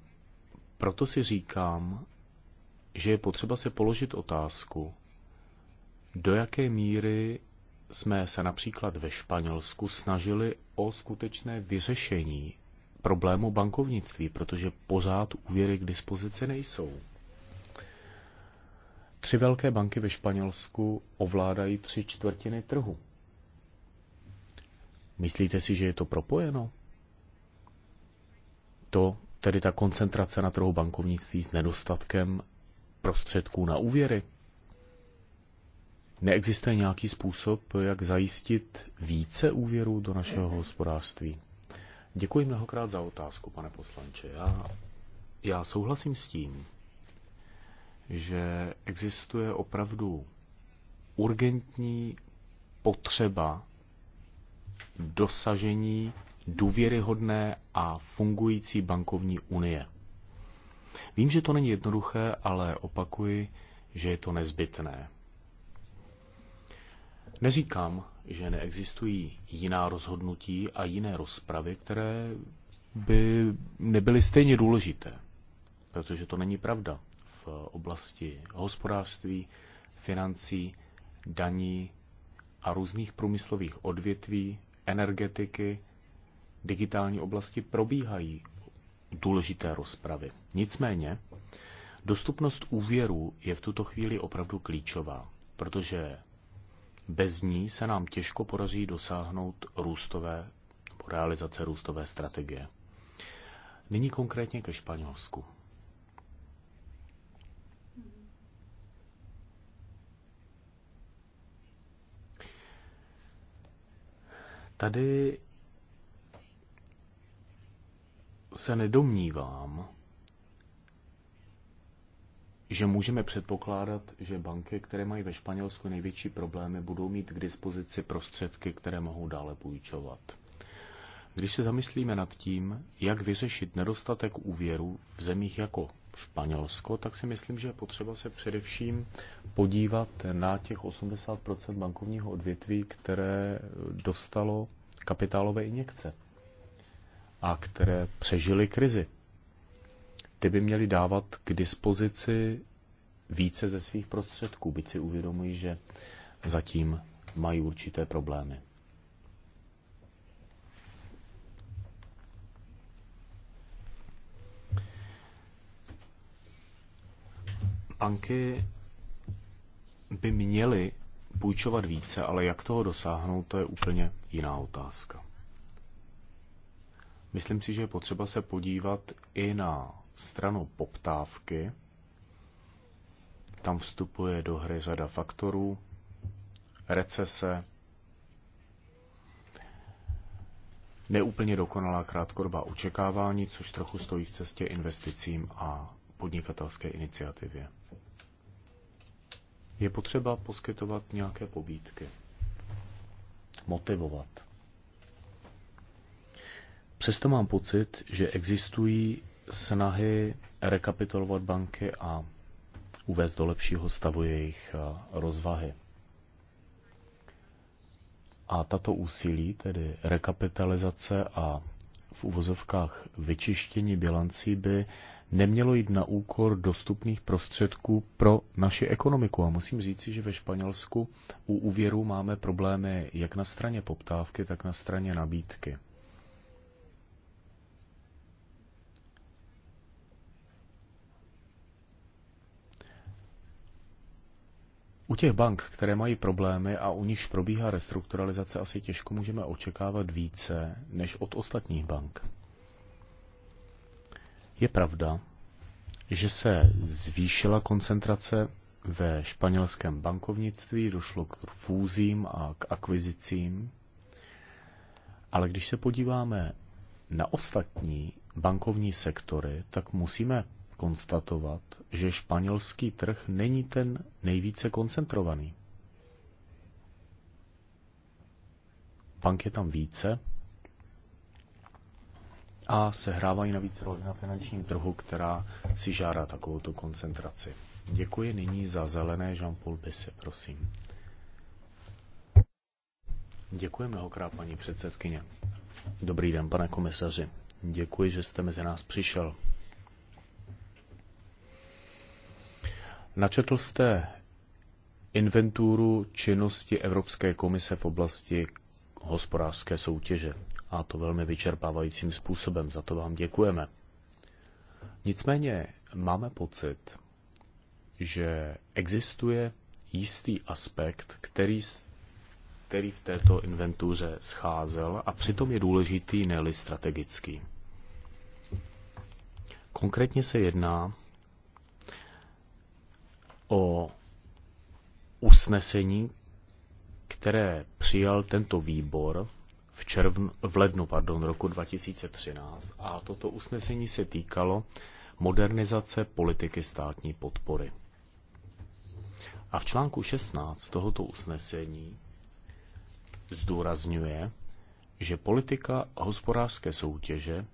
proto si říkám, že je potřeba se položit otázku, do jaké míry jsme se například ve Španělsku snažili o skutečné vyřešení problému bankovnictví, protože pořád úvěry k dispozici nejsou. Tři velké banky ve Španělsku ovládají tři čtvrtiny trhu. Myslíte si, že je to propojeno? To tedy ta koncentrace na trhu bankovnictví s nedostatkem prostředků na úvěry? Neexistuje nějaký způsob, jak zajistit více úvěrů do našeho hospodářství? Děkuji mnohokrát za otázku, pane poslanče. Já, já souhlasím s tím, že existuje opravdu urgentní potřeba dosažení důvěryhodné a fungující bankovní unie. Vím, že to není jednoduché, ale opakuji, že je to nezbytné. Neříkám, že neexistují jiná rozhodnutí a jiné rozpravy, které by nebyly stejně důležité, protože to není pravda v oblasti hospodářství, financí, daní a různých průmyslových odvětví, energetiky, digitální oblasti probíhají důležité rozpravy. Nicméně, dostupnost úvěru je v tuto chvíli opravdu klíčová, protože bez ní se nám těžko porazí dosáhnout růstové nebo realizace růstové strategie. Nyní konkrétně ke Španělsku. Tady se nedomnívám, že můžeme předpokládat, že banky, které mají ve Španělsku největší problémy, budou mít k dispozici prostředky, které mohou dále půjčovat. Když se zamyslíme nad tím, jak vyřešit nedostatek úvěru v zemích jako Španělsko, tak si myslím, že je potřeba se především podívat na těch 80% bankovního odvětví, které dostalo kapitálové injekce a které přežily krizi ty by měly dávat k dispozici více ze svých prostředků, byť si uvědomují, že zatím mají určité problémy. Banky by měly půjčovat více, ale jak toho dosáhnout, to je úplně jiná otázka. Myslím si, že je potřeba se podívat i na stranou poptávky, tam vstupuje do hry řada faktorů, recese, neúplně dokonalá krátkodobá očekávání, což trochu stojí v cestě investicím a podnikatelské iniciativě. Je potřeba poskytovat nějaké pobídky, motivovat. Přesto mám pocit, že existují snahy rekapitulovat banky a uvést do lepšího stavu jejich eh, rozvahy. A tato úsilí, tedy rekapitalizace a v uvozovkách vyčištění bilancí, by nemělo jít na úkor dostupných prostředků pro naši ekonomiku. A musím říci, že ve Španělsku u úvěru máme problémy jak na straně poptávky, tak na straně nabídky. U těch bank, které mají problémy a u nichž probíhá restrukturalizace, asi těžko můžeme očekávat více než od ostatních bank. Je pravda, že se zvýšila koncentrace ve španělském bankovnictví, došlo k fúzím a k akvizicím, ale když se podíváme na ostatní bankovní sektory, tak musíme konstatovat, že španělský trh není ten nejvíce koncentrovaný. Bank je tam více a sehrávají navíc roli na finančním trhu, která si žádá takovouto koncentraci. Děkuji nyní za zelené Jean-Paul Bisse, prosím. Děkuji mnohokrát, paní předsedkyně. Dobrý den, pane komisaři. Děkuji, že jste mezi nás přišel. Načetl jste inventuru činnosti Evropské komise v oblasti hospodářské soutěže a to velmi vyčerpávajícím způsobem. Za to vám děkujeme. Nicméně máme pocit, že existuje jistý aspekt, který, který v této inventuře scházel a přitom je důležitý, ne strategický. Konkrétně se jedná o usnesení, které přijal tento výbor v, červn, v lednu pardon, roku 2013 a toto usnesení se týkalo modernizace politiky státní podpory. A v článku 16 tohoto usnesení zdůrazňuje, že politika hospodářské soutěže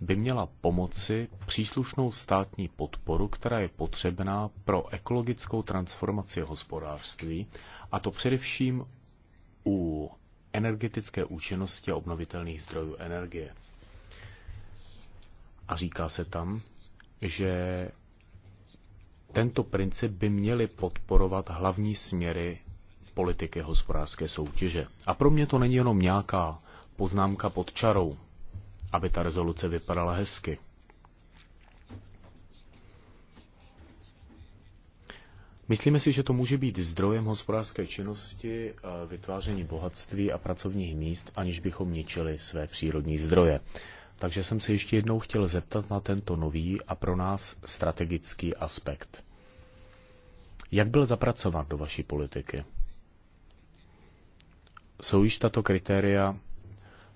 by měla pomoci příslušnou státní podporu, která je potřebná pro ekologickou transformaci hospodářství, a to především u energetické účinnosti a obnovitelných zdrojů energie. A říká se tam, že tento princip by měly podporovat hlavní směry politiky hospodářské soutěže. A pro mě to není jenom nějaká poznámka pod čarou aby ta rezoluce vypadala hezky. Myslíme si, že to může být zdrojem hospodářské činnosti, eh, vytváření bohatství a pracovních míst, aniž bychom ničili své přírodní zdroje. Takže jsem se ještě jednou chtěl zeptat na tento nový a pro nás strategický aspekt. Jak byl zapracován do vaší politiky? Jsou již tato kritéria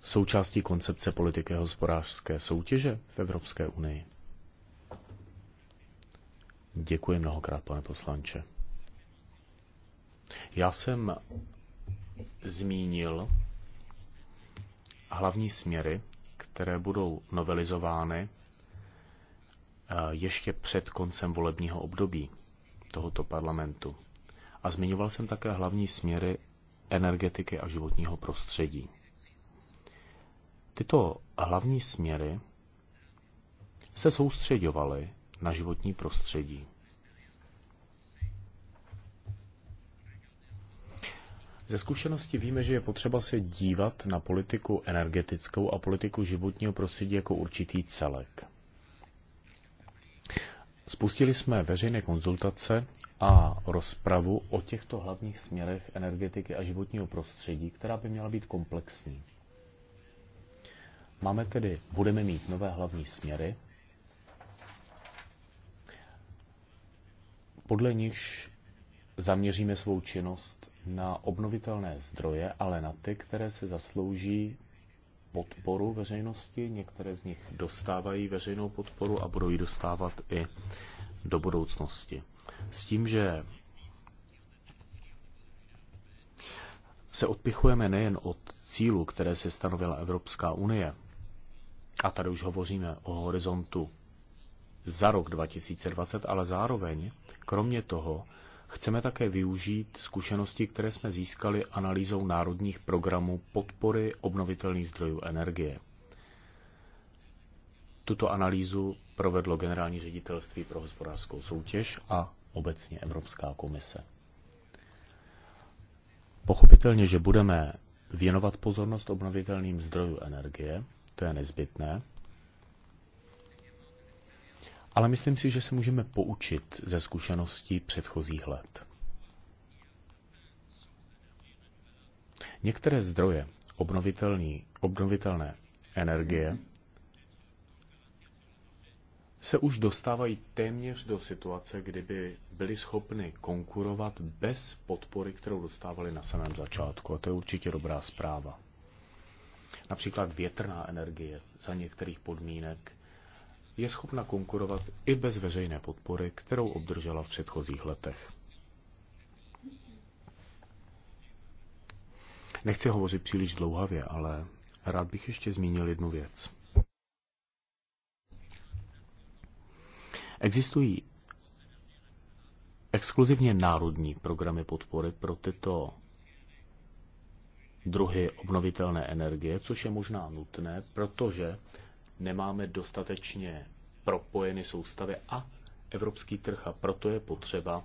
součástí koncepce politiky hospodářské soutěže v Evropské unii? Děkuji mnohokrát, pane poslanče. Já jsem zmínil hlavní směry, které budou novelizovány eh, ještě před koncem volebního období tohoto parlamentu. A zmiňoval jsem také hlavní směry energetiky a životního prostředí. Tyto hlavní směry se soustředovaly na životní prostředí. Ze zkušenosti víme, že je potřeba se dívat na politiku energetickou a politiku životního prostředí jako určitý celek. Spustili jsme veřejné konzultace a rozpravu o těchto hlavních směrech energetiky a životního prostředí, která by měla být komplexní. Máme tedy, budeme mít nové hlavní směry, podle nichž zaměříme svou činnost na obnovitelné zdroje, ale na ty, které se zaslouží podporu veřejnosti. Některé z nich dostávají veřejnou podporu a budou ji dostávat i do budoucnosti. S tím, že se odpichujeme nejen od cílů, které se stanovila Evropská unie, a tady už hovoříme o horizontu za rok 2020, ale zároveň, kromě toho, chceme také využít zkušenosti, které jsme získali analýzou národních programů podpory obnovitelných zdrojů energie. Tuto analýzu provedlo Generální ředitelství pro hospodářskou soutěž a obecně Evropská komise. Pochopitelně, že budeme věnovat pozornost obnovitelným zdrojům energie, to je nezbytné. Ale myslím si, že se můžeme poučit ze zkušeností předchozích let. Některé zdroje obnovitelné energie se už dostávají téměř do situace, kdyby byli schopni konkurovat bez podpory, kterou dostávali na samém začátku. A to je určitě dobrá zpráva například větrná energie za některých podmínek je schopna konkurovat i bez veřejné podpory, kterou obdržela v předchozích letech. Nechci hovořit příliš dlouhavě, ale rád bych ještě zmínil jednu věc. Existují exkluzivně národní programy podpory pro tyto druhy obnovitelné energie, což je možná nutné, protože nemáme dostatečně propojeny soustavy a evropský trh a proto je potřeba,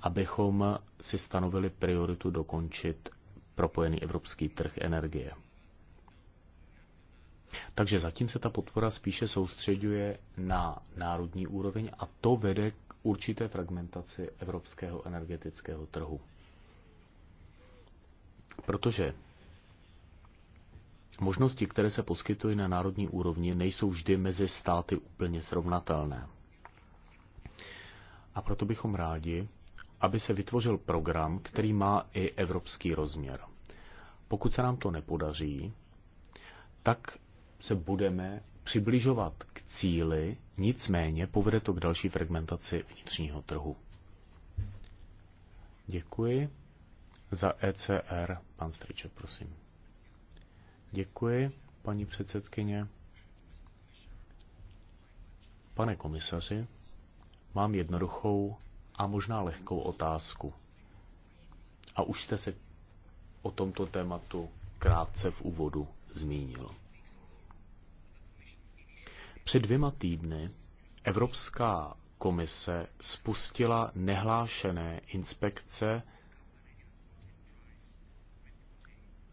abychom si stanovili prioritu dokončit propojený evropský trh energie. Takže zatím se ta podpora spíše soustředuje na národní úroveň a to vede k určité fragmentaci evropského energetického trhu. Protože možnosti, které se poskytují na národní úrovni, nejsou vždy mezi státy úplně srovnatelné. A proto bychom rádi, aby se vytvořil program, který má i evropský rozměr. Pokud se nám to nepodaří, tak se budeme přibližovat k cíli, nicméně povede to k další fragmentaci vnitřního trhu. Děkuji. Za ECR, pan Striček, prosím. Děkuji, paní předsedkyně. Pane komisaři, mám jednoduchou a možná lehkou otázku. A už jste se o tomto tématu krátce v úvodu zmínil. Před dvěma týdny Evropská komise spustila nehlášené inspekce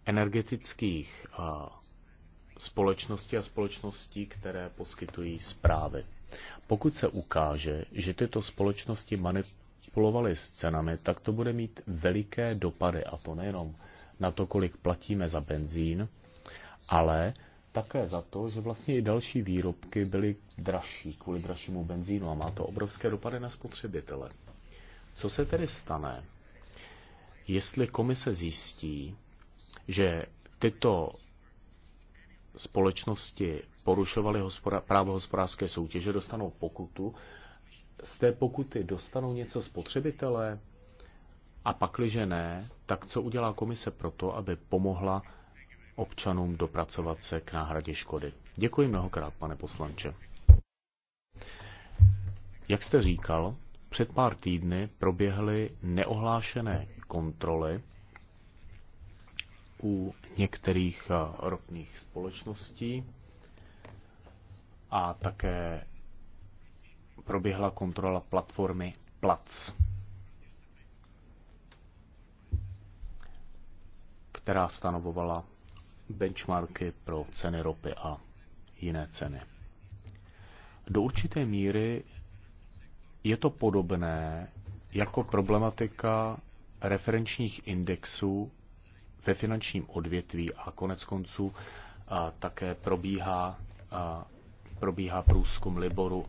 energetických eh, společností a společností, které poskytují zprávy. Pokud se ukáže, že tyto společnosti manipulovaly s cenami, tak to bude mít veliké dopady, a to nejenom na to, kolik platíme za benzín, ale také za to, že vlastně i další výrobky byly dražší kvůli dražšímu benzínu a má to obrovské dopady na spotřebitele. Co se tedy stane, jestli komise zjistí, že tyto společnosti porušovaly hospoda- právo hospodářské soutěže, dostanou pokutu. Z té pokuty dostanou něco spotřebitelé a pakliže ne, tak co udělá komise pro to, aby pomohla občanům dopracovat se k náhradě škody? Děkuji mnohokrát, pane poslanče. Jak jste říkal, před pár týdny proběhly neohlášené kontroly u některých eh, ropných společností a také proběhla kontrola platformy Plac, která stanovovala benchmarky pro ceny ropy a jiné ceny. Do určité míry je to podobné jako problematika referenčních indexů ve finančním odvětví a konec konců a také probíhá, a probíhá průzkum Liboru,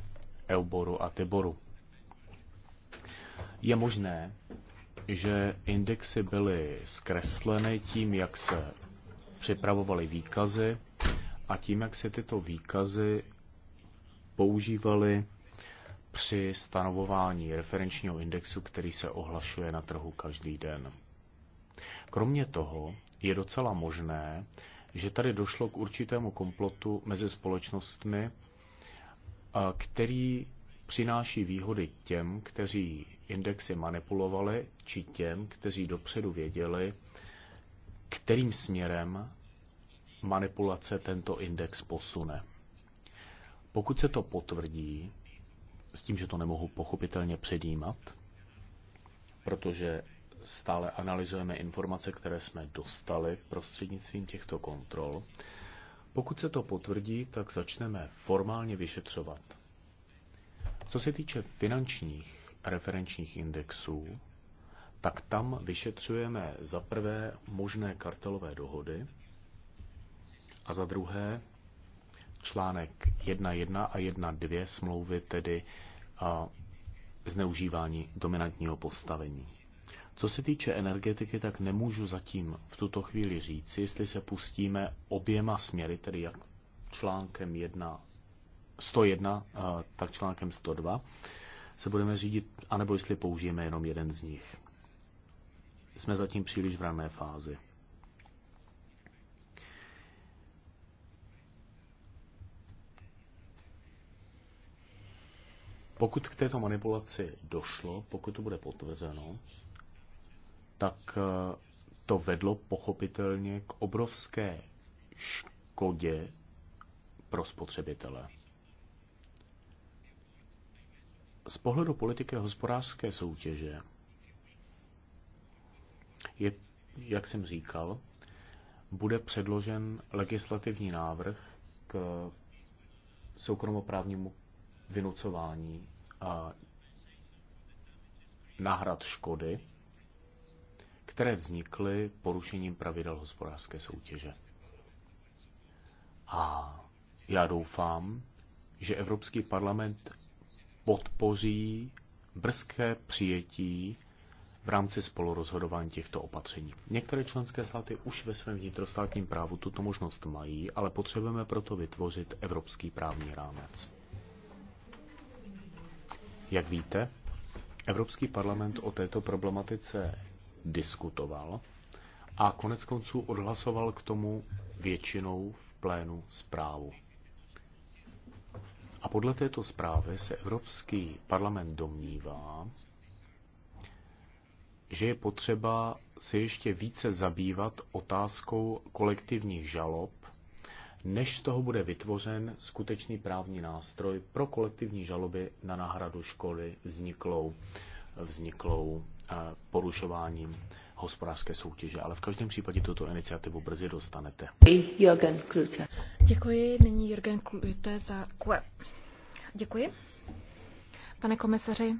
Euboru a Tiboru. Je možné, že indexy byly zkresleny tím, jak se připravovaly výkazy a tím, jak se tyto výkazy používaly při stanovování referenčního indexu, který se ohlašuje na trhu každý den. Kromě toho je docela možné, že tady došlo k určitému komplotu mezi společnostmi, který přináší výhody těm, kteří indexy manipulovali, či těm, kteří dopředu věděli, kterým směrem manipulace tento index posune. Pokud se to potvrdí, s tím, že to nemohu pochopitelně předjímat, protože stále analyzujeme informace, které jsme dostali prostřednictvím těchto kontrol. Pokud se to potvrdí, tak začneme formálně vyšetřovat. Co se týče finančních referenčních indexů, tak tam vyšetřujeme za prvé možné kartelové dohody a za druhé článek 1.1 a 1.2 smlouvy, tedy a zneužívání dominantního postavení. Co se týče energetiky, tak nemůžu zatím v tuto chvíli říci, jestli se pustíme oběma směry, tedy jak článkem 1, 101, eh, tak článkem 102, se budeme řídit, anebo jestli použijeme jenom jeden z nich. Jsme zatím příliš v rané fázi. Pokud k této manipulaci došlo, pokud to bude potvrzeno, tak eh, to vedlo pochopitelně k obrovské škodě pro spotřebitele. Z pohledu politiky hospodářské soutěže je, jak jsem říkal, bude předložen legislativní návrh k soukromoprávnímu vynucování a náhrad škody které vznikly porušením pravidel hospodářské soutěže. A já doufám, že Evropský parlament podpoří brzké přijetí v rámci spolurozhodování těchto opatření. Některé členské státy už ve svém vnitrostátním právu tuto možnost mají, ale potřebujeme proto vytvořit evropský právní rámec. Jak víte, Evropský parlament o této problematice diskutoval a konec konců odhlasoval k tomu většinou v plénu zprávu. A podle této zprávy se Evropský parlament domnívá, že je potřeba se ještě více zabývat otázkou kolektivních žalob, než z toho bude vytvořen skutečný právní nástroj pro kolektivní žaloby na náhradu školy vzniklou, vzniklou porušováním hospodářské soutěže, ale v každém případě tuto iniciativu brzy dostanete. Jürgen Klute. Děkuji, nyní Jürgen Klute za QE. Děkuji. Pane komisaři.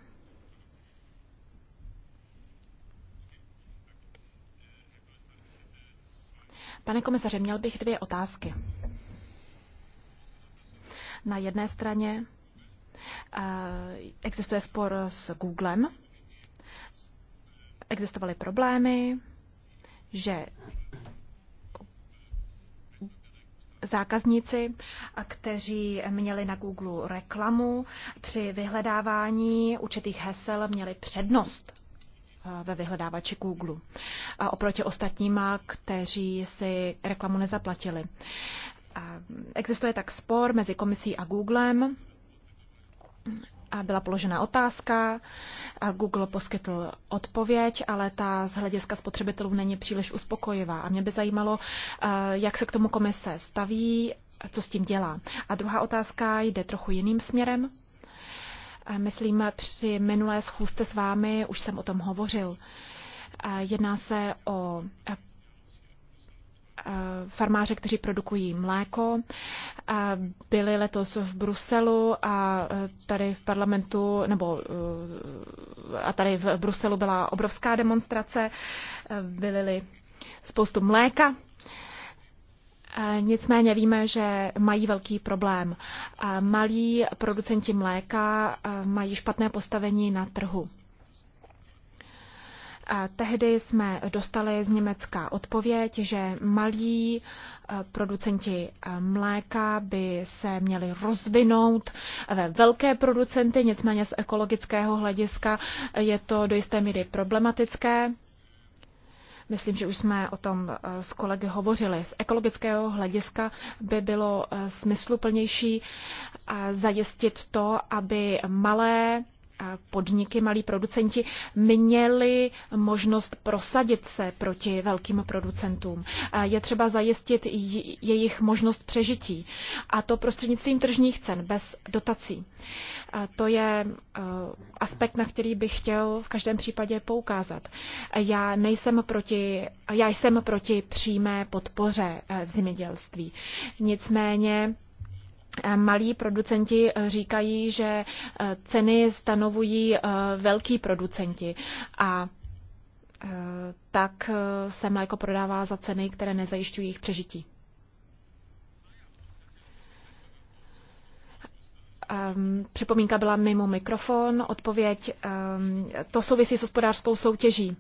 Pane komisaři, měl bych dvě otázky. Na jedné straně eh, existuje spor s Googlem, existovaly problémy, že zákazníci, kteří měli na Google reklamu, při vyhledávání určitých hesel měli přednost eh, ve vyhledávači Google a oproti ostatním, kteří si reklamu nezaplatili. Existuje tak spor mezi komisí a Googlem byla položena otázka, Google poskytl odpověď, ale ta z hlediska spotřebitelů není příliš uspokojivá. A mě by zajímalo, eh, jak se k tomu komise staví, co s tím dělá. A druhá otázka jde trochu jiným směrem. Eh, myslím, při minulé schůzce s vámi už jsem o tom hovořil. Eh, jedná se o Eh, farmáře, kteří produkují mléko. Eh, byli letos v Bruselu a eh, tady v parlamentu, nebo a tady v Bruselu byla obrovská demonstrace, byli spoustu mléka. Nicméně víme, že mají velký problém. Malí producenti mléka mají špatné postavení na trhu. Tehdy jsme dostali z Německa odpověď, že malí eh, producenti eh, mléka by se měli rozvinout ve velké producenty, nicméně z ekologického hlediska je to do jisté míry problematické. Myslím, že už jsme o tom eh, s kolegy hovořili. Z ekologického hlediska by bylo smysluplnější zajistit to, aby malé podniky, malí producenti měli možnost prosadit se proti velkým producentům. Je třeba zajistit jejich možnost přežití a to prostřednictvím tržních cen, bez dotací. To je e, aspekt, na který bych chtěl v každém případě poukázat. Já nejsem proti, já jsem proti přímé podpoře v e, zemědělství. Nicméně Eh, malí producenti eh, říkají, že eh, ceny stanovují velký producenti a tak se mléko prodává za ceny, které nezajišťují jejich přežití. Ehm, připomínka byla mimo mikrofon, odpověď, ehm, to souvisí s hospodářskou soutěží.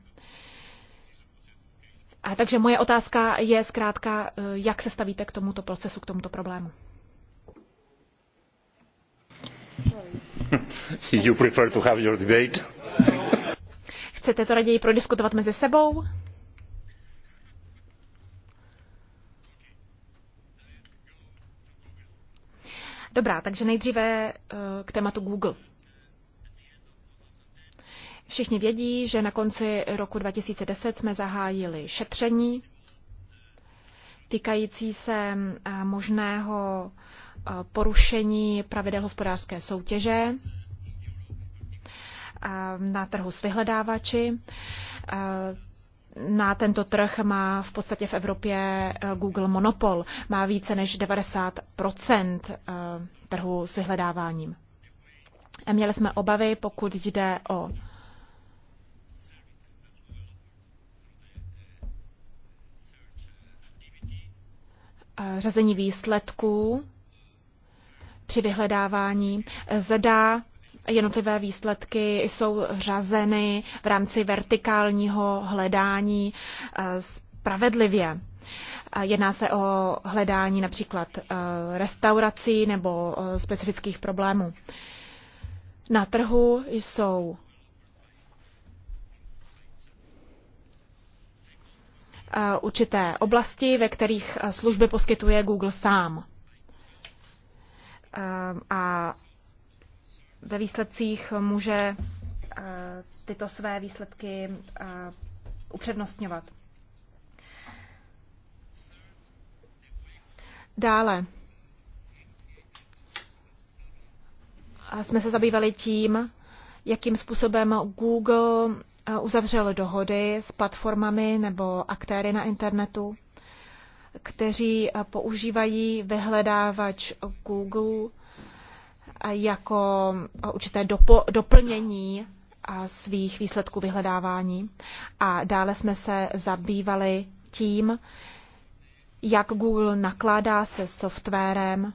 A takže moje otázka je zkrátka, jak se stavíte k tomuto procesu, k tomuto problému. You prefer to have your debate. Chcete to raději prodiskutovat mezi sebou? Dobrá, takže nejdříve eh, k tématu Google. Všichni vědí, že na konci roku 2010 jsme zahájili šetření týkající se eh, možného eh, porušení pravidel hospodářské soutěže eh, na trhu s vyhledávači. Na tento trh má v podstatě v Evropě Google monopol. Má více než 90 trhu s vyhledáváním. Měli jsme obavy, pokud jde o řazení výsledků při vyhledávání. Zda jednotlivé výsledky jsou řazeny v rámci vertikálního hledání e, spravedlivě. Jedná se o hledání například e, restaurací nebo e, specifických problémů. Na trhu jsou Eh, určité oblasti, ve kterých eh, služby poskytuje Google sám. Eh, a ve výsledcích může tyto své výsledky upřednostňovat. Dále jsme se zabývali tím, jakým způsobem Google uzavřel dohody s platformami nebo aktéry na internetu, kteří eh, používají vyhledávač Google eh, jako eh, určité dopo, doplnění svých výsledků vyhledávání. A dále jsme se zabývali tím, jak Google nakládá se softwarem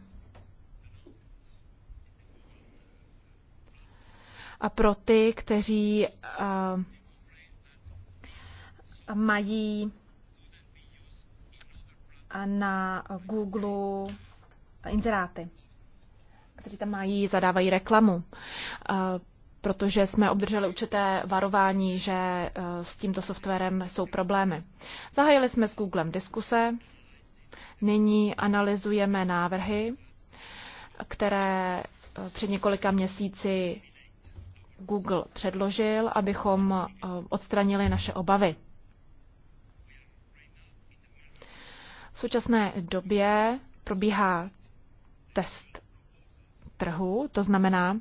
a pro ty, kteří mají na Google inzeráty, kteří tam mají, zadávají reklamu, eh, protože jsme obdrželi určité varování, že eh, s tímto softwarem jsou problémy. Zahájili jsme s Googlem diskuse, nyní analyzujeme návrhy, které eh, před několika měsíci Google předložil, abychom odstranili naše obavy. V současné době probíhá test trhu, to znamená,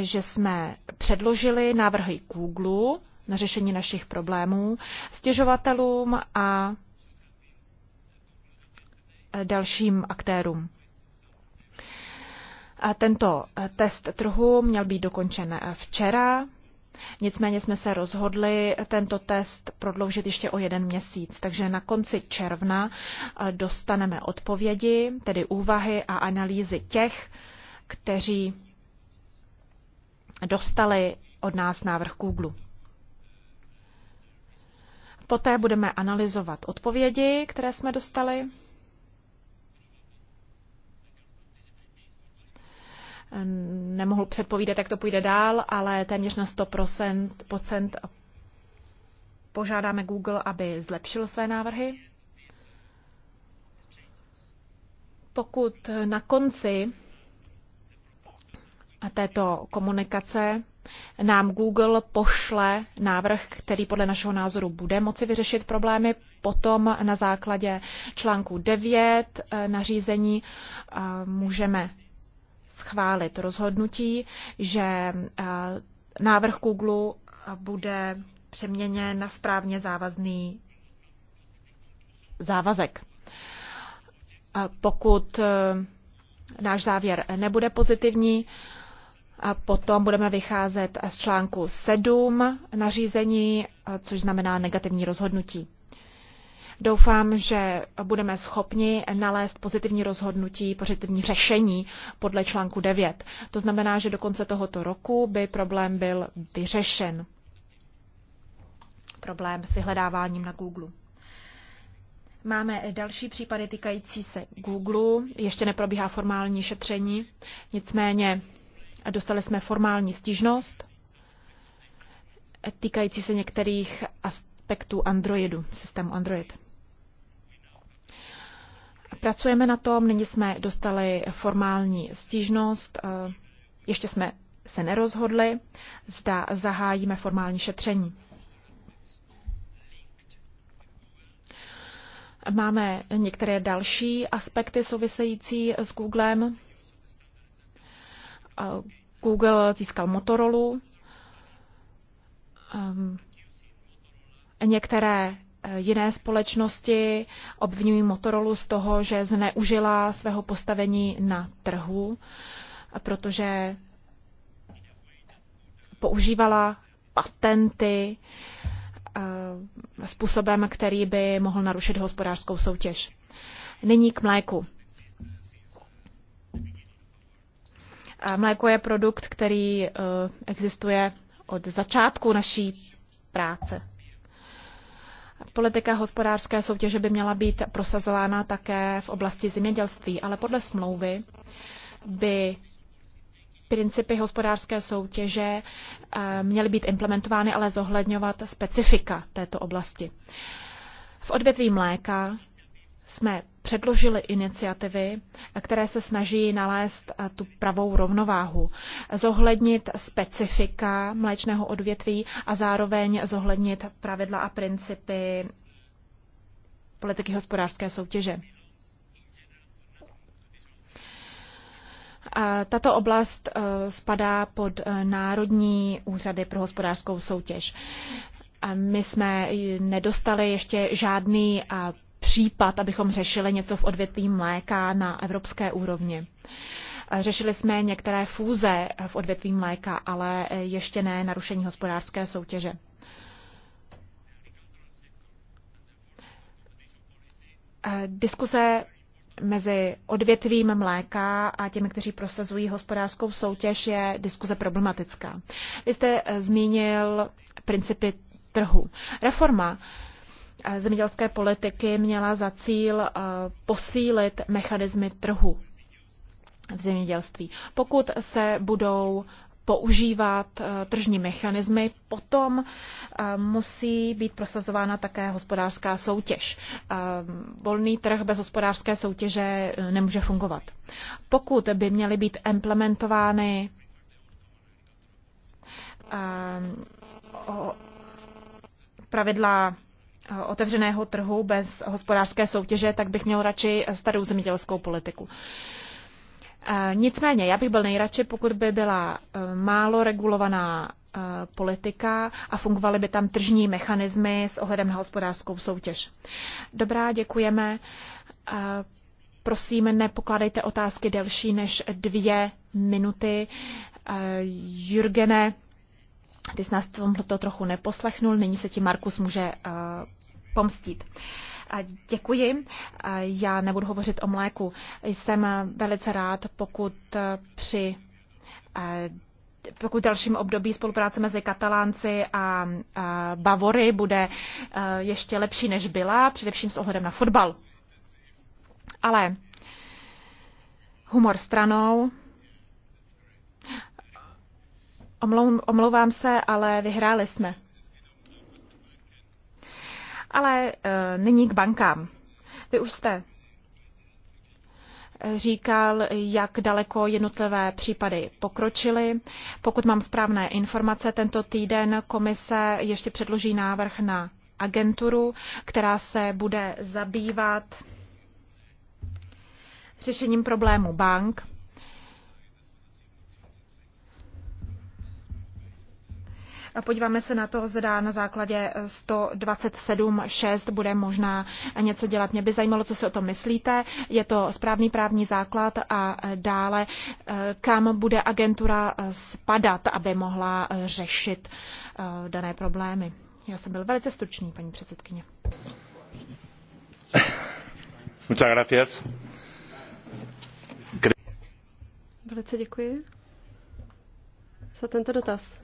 že jsme předložili návrhy Google na řešení našich problémů stěžovatelům a dalším aktérům. A tento test trhu měl být dokončen včera. Nicméně jsme se rozhodli tento test prodloužit ještě o jeden měsíc, takže na konci června eh, dostaneme odpovědi, tedy úvahy a analýzy těch, kteří dostali od nás návrh Google. Poté budeme analyzovat odpovědi, které jsme dostali. Nemohl předpovídat, jak to půjde dál, ale téměř na 100% procent požádáme Google, aby zlepšil své návrhy. Pokud na konci této komunikace nám Google pošle návrh, který podle našeho názoru bude moci vyřešit problémy. Potom na základě článku 9 eh, nařízení eh, můžeme schválit rozhodnutí, že eh, návrh Google bude přeměněn v právně závazný závazek. Pokud eh, náš závěr nebude pozitivní, a potom budeme vycházet z článku 7 nařízení, což znamená negativní rozhodnutí. Doufám, že budeme schopni nalézt pozitivní rozhodnutí, pozitivní řešení podle článku 9. To znamená, že do konce tohoto roku by problém byl vyřešen. Problém s vyhledáváním na Google. Máme další případy týkající se Google. Ještě neprobíhá formální šetření, nicméně dostali jsme formální stížnost týkající se některých aspektů Androidu, systému Android. Pracujeme na tom, nyní jsme dostali formální stížnost, eh, ještě jsme se nerozhodli, zda zahájíme formální šetření. Máme některé další aspekty související s Googlem. Eh, Google získal Motorola. Ehm, některé Jiné společnosti obvinují Motorola z toho, že zneužila svého postavení na trhu, protože používala patenty eh, způsobem, který by mohl narušit hospodářskou soutěž. Nyní k mléku. Eh, mléko je produkt, který eh, existuje od začátku naší práce. Politika hospodářské soutěže by měla být prosazována také v oblasti zemědělství, ale podle smlouvy by principy hospodářské soutěže eh, měly být implementovány, ale zohledňovat specifika této oblasti. V odvětví mléka jsme předložili iniciativy, které se snaží nalézt eh, tu pravou rovnováhu, zohlednit specifika mléčného odvětví a zároveň zohlednit pravidla a principy politiky hospodářské soutěže. Eh, tato oblast eh, spadá pod Národní úřady pro hospodářskou soutěž. My jsme nedostali ještě žádný případ, abychom řešili něco v odvětví mléka na evropské úrovni. Řešili jsme některé fúze v odvětví mléka, ale ještě ne narušení hospodářské soutěže. Eh, diskuse mezi odvětvím mléka a těmi, kteří prosazují hospodářskou soutěž, je diskuze problematická. Vy jste eh, zmínil principy trhu. Reforma zemědělské politiky měla za cíl eh, posílit mechanismy trhu v zemědělství. Pokud se budou používat eh, tržní mechanismy, potom eh, musí být prosazována také hospodářská soutěž. Volný trh bez hospodářské soutěže nemůže fungovat. Pokud by měly být implementovány pravidla Eh, otevřeného trhu bez hospodářské soutěže, tak bych měl radši starou zemědělskou politiku. Eh, nicméně, já bych byl nejradši, pokud by byla eh, málo regulovaná politika a fungovaly by tam tržní mechanismy s ohledem na hospodářskou soutěž. Dobrá, děkujeme. Prosím, nepokládejte otázky delší než dvě minuty. Jurgene, ty jsi nás to trochu neposlechnul, nyní se ti Markus může pomstit. Děkuji. Já nebudu hovořit o mléku. Jsem velice rád, pokud při pokud v dalším období spolupráce mezi Katalánci a, Bavory bude ještě lepší, než byla, především s ohledem na fotbal. Ale humor stranou. omlouvám se, ale vyhráli jsme. Ale e, nyní k bankám. Vy už jste říkal, jak daleko jednotlivé případy pokročily. Pokud mám správné informace, tento týden komise ještě předloží návrh na agenturu, která se bude zabývat řešením problému bank Podíváme se na to, zda na základě 127.6 eh, bude možná něco dělat. Mě by zajímalo, co si o tom myslíte. Je to správný právní základ a eh, dále, eh, kam bude agentura spadat, aby mohla řešit dané problémy. Já jsem byl velice stručný, paní předsedkyně. Muchas gracias. Velice děkuji za tento dotaz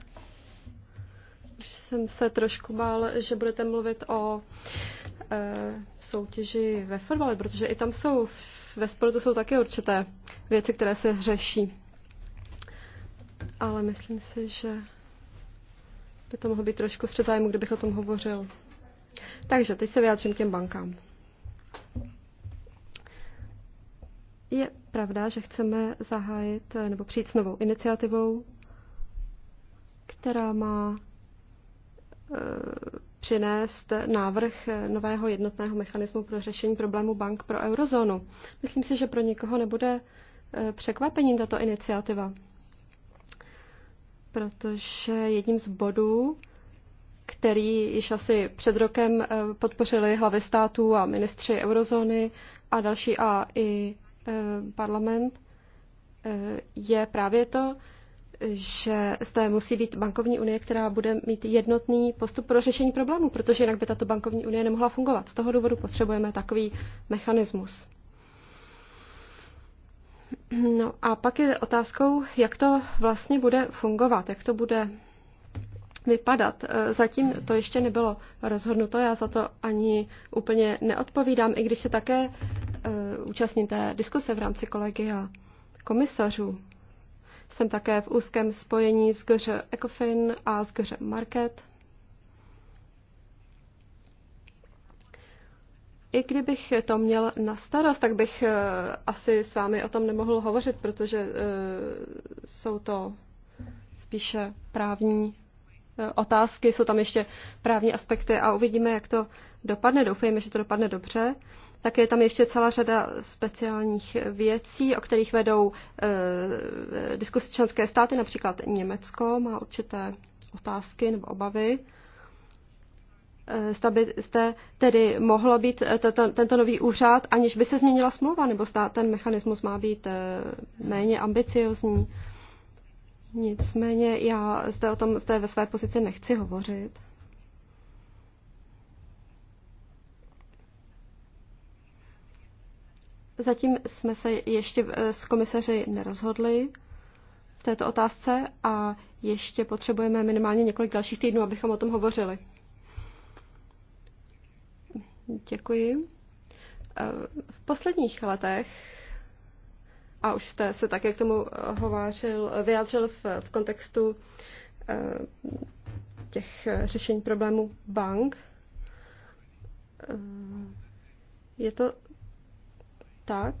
jsem se trošku bál, že budete mluvit o e, soutěži ve fotbale, protože i tam jsou, ve sportu jsou také určité věci, které se řeší. Ale myslím si, že by to mohlo být trošku střed zájmu, kdybych o tom hovořil. Takže teď se vyjádřím k těm bankám. Je pravda, že chceme zahájit nebo přijít s novou iniciativou, která má přinést návrh nového jednotného mechanismu pro řešení problému bank pro eurozónu. Myslím si, že pro nikoho nebude eh, překvapením tato iniciativa, protože jedním z bodů, který již asi před rokem eh, podpořili hlavy států a ministři eurozóny a další a i eh, parlament, je právě to, že zde musí být bankovní unie, která bude mít jednotný postup pro řešení problémů, protože jinak by tato bankovní unie nemohla fungovat. Z toho důvodu potřebujeme takový mechanismus. No a pak je otázkou, jak to vlastně bude fungovat, jak to bude vypadat. E, zatím to ještě nebylo rozhodnuto, já za to ani úplně neodpovídám, i když se také e, účastním té diskuse v rámci a komisařů. Jsem také v úzkém spojení s GŘ Ecofin a s GŘ Market. I kdybych to měl na starost, tak bych eh, asi s vámi o tom nemohl hovořit, protože eh, jsou to spíše právní eh, otázky, jsou tam ještě právní aspekty a uvidíme, jak to dopadne. Doufejme, že to dopadne dobře. Také je tam ještě celá řada speciálních věcí, o kterých vedou e, diskusy členské státy, například Německo má určité otázky nebo obavy. Eh, zda byste tedy mohlo být eh, tato, tento nový úřad, aniž by se změnila smlouva, nebo zda ten mechanismus má být méně ambiciozní. Nicméně já zde o tom zde ve své pozici nechci hovořit. Zatím jsme se ještě eh, s komisaři nerozhodli v této otázce a ještě potřebujeme minimálně několik dalších týdnů, abychom o tom hovořili. Děkuji. Eh, v posledních letech, a už jste se také k tomu eh, hovářil, vyjádřil v, v kontextu těch řešení problémů bank, je to tak,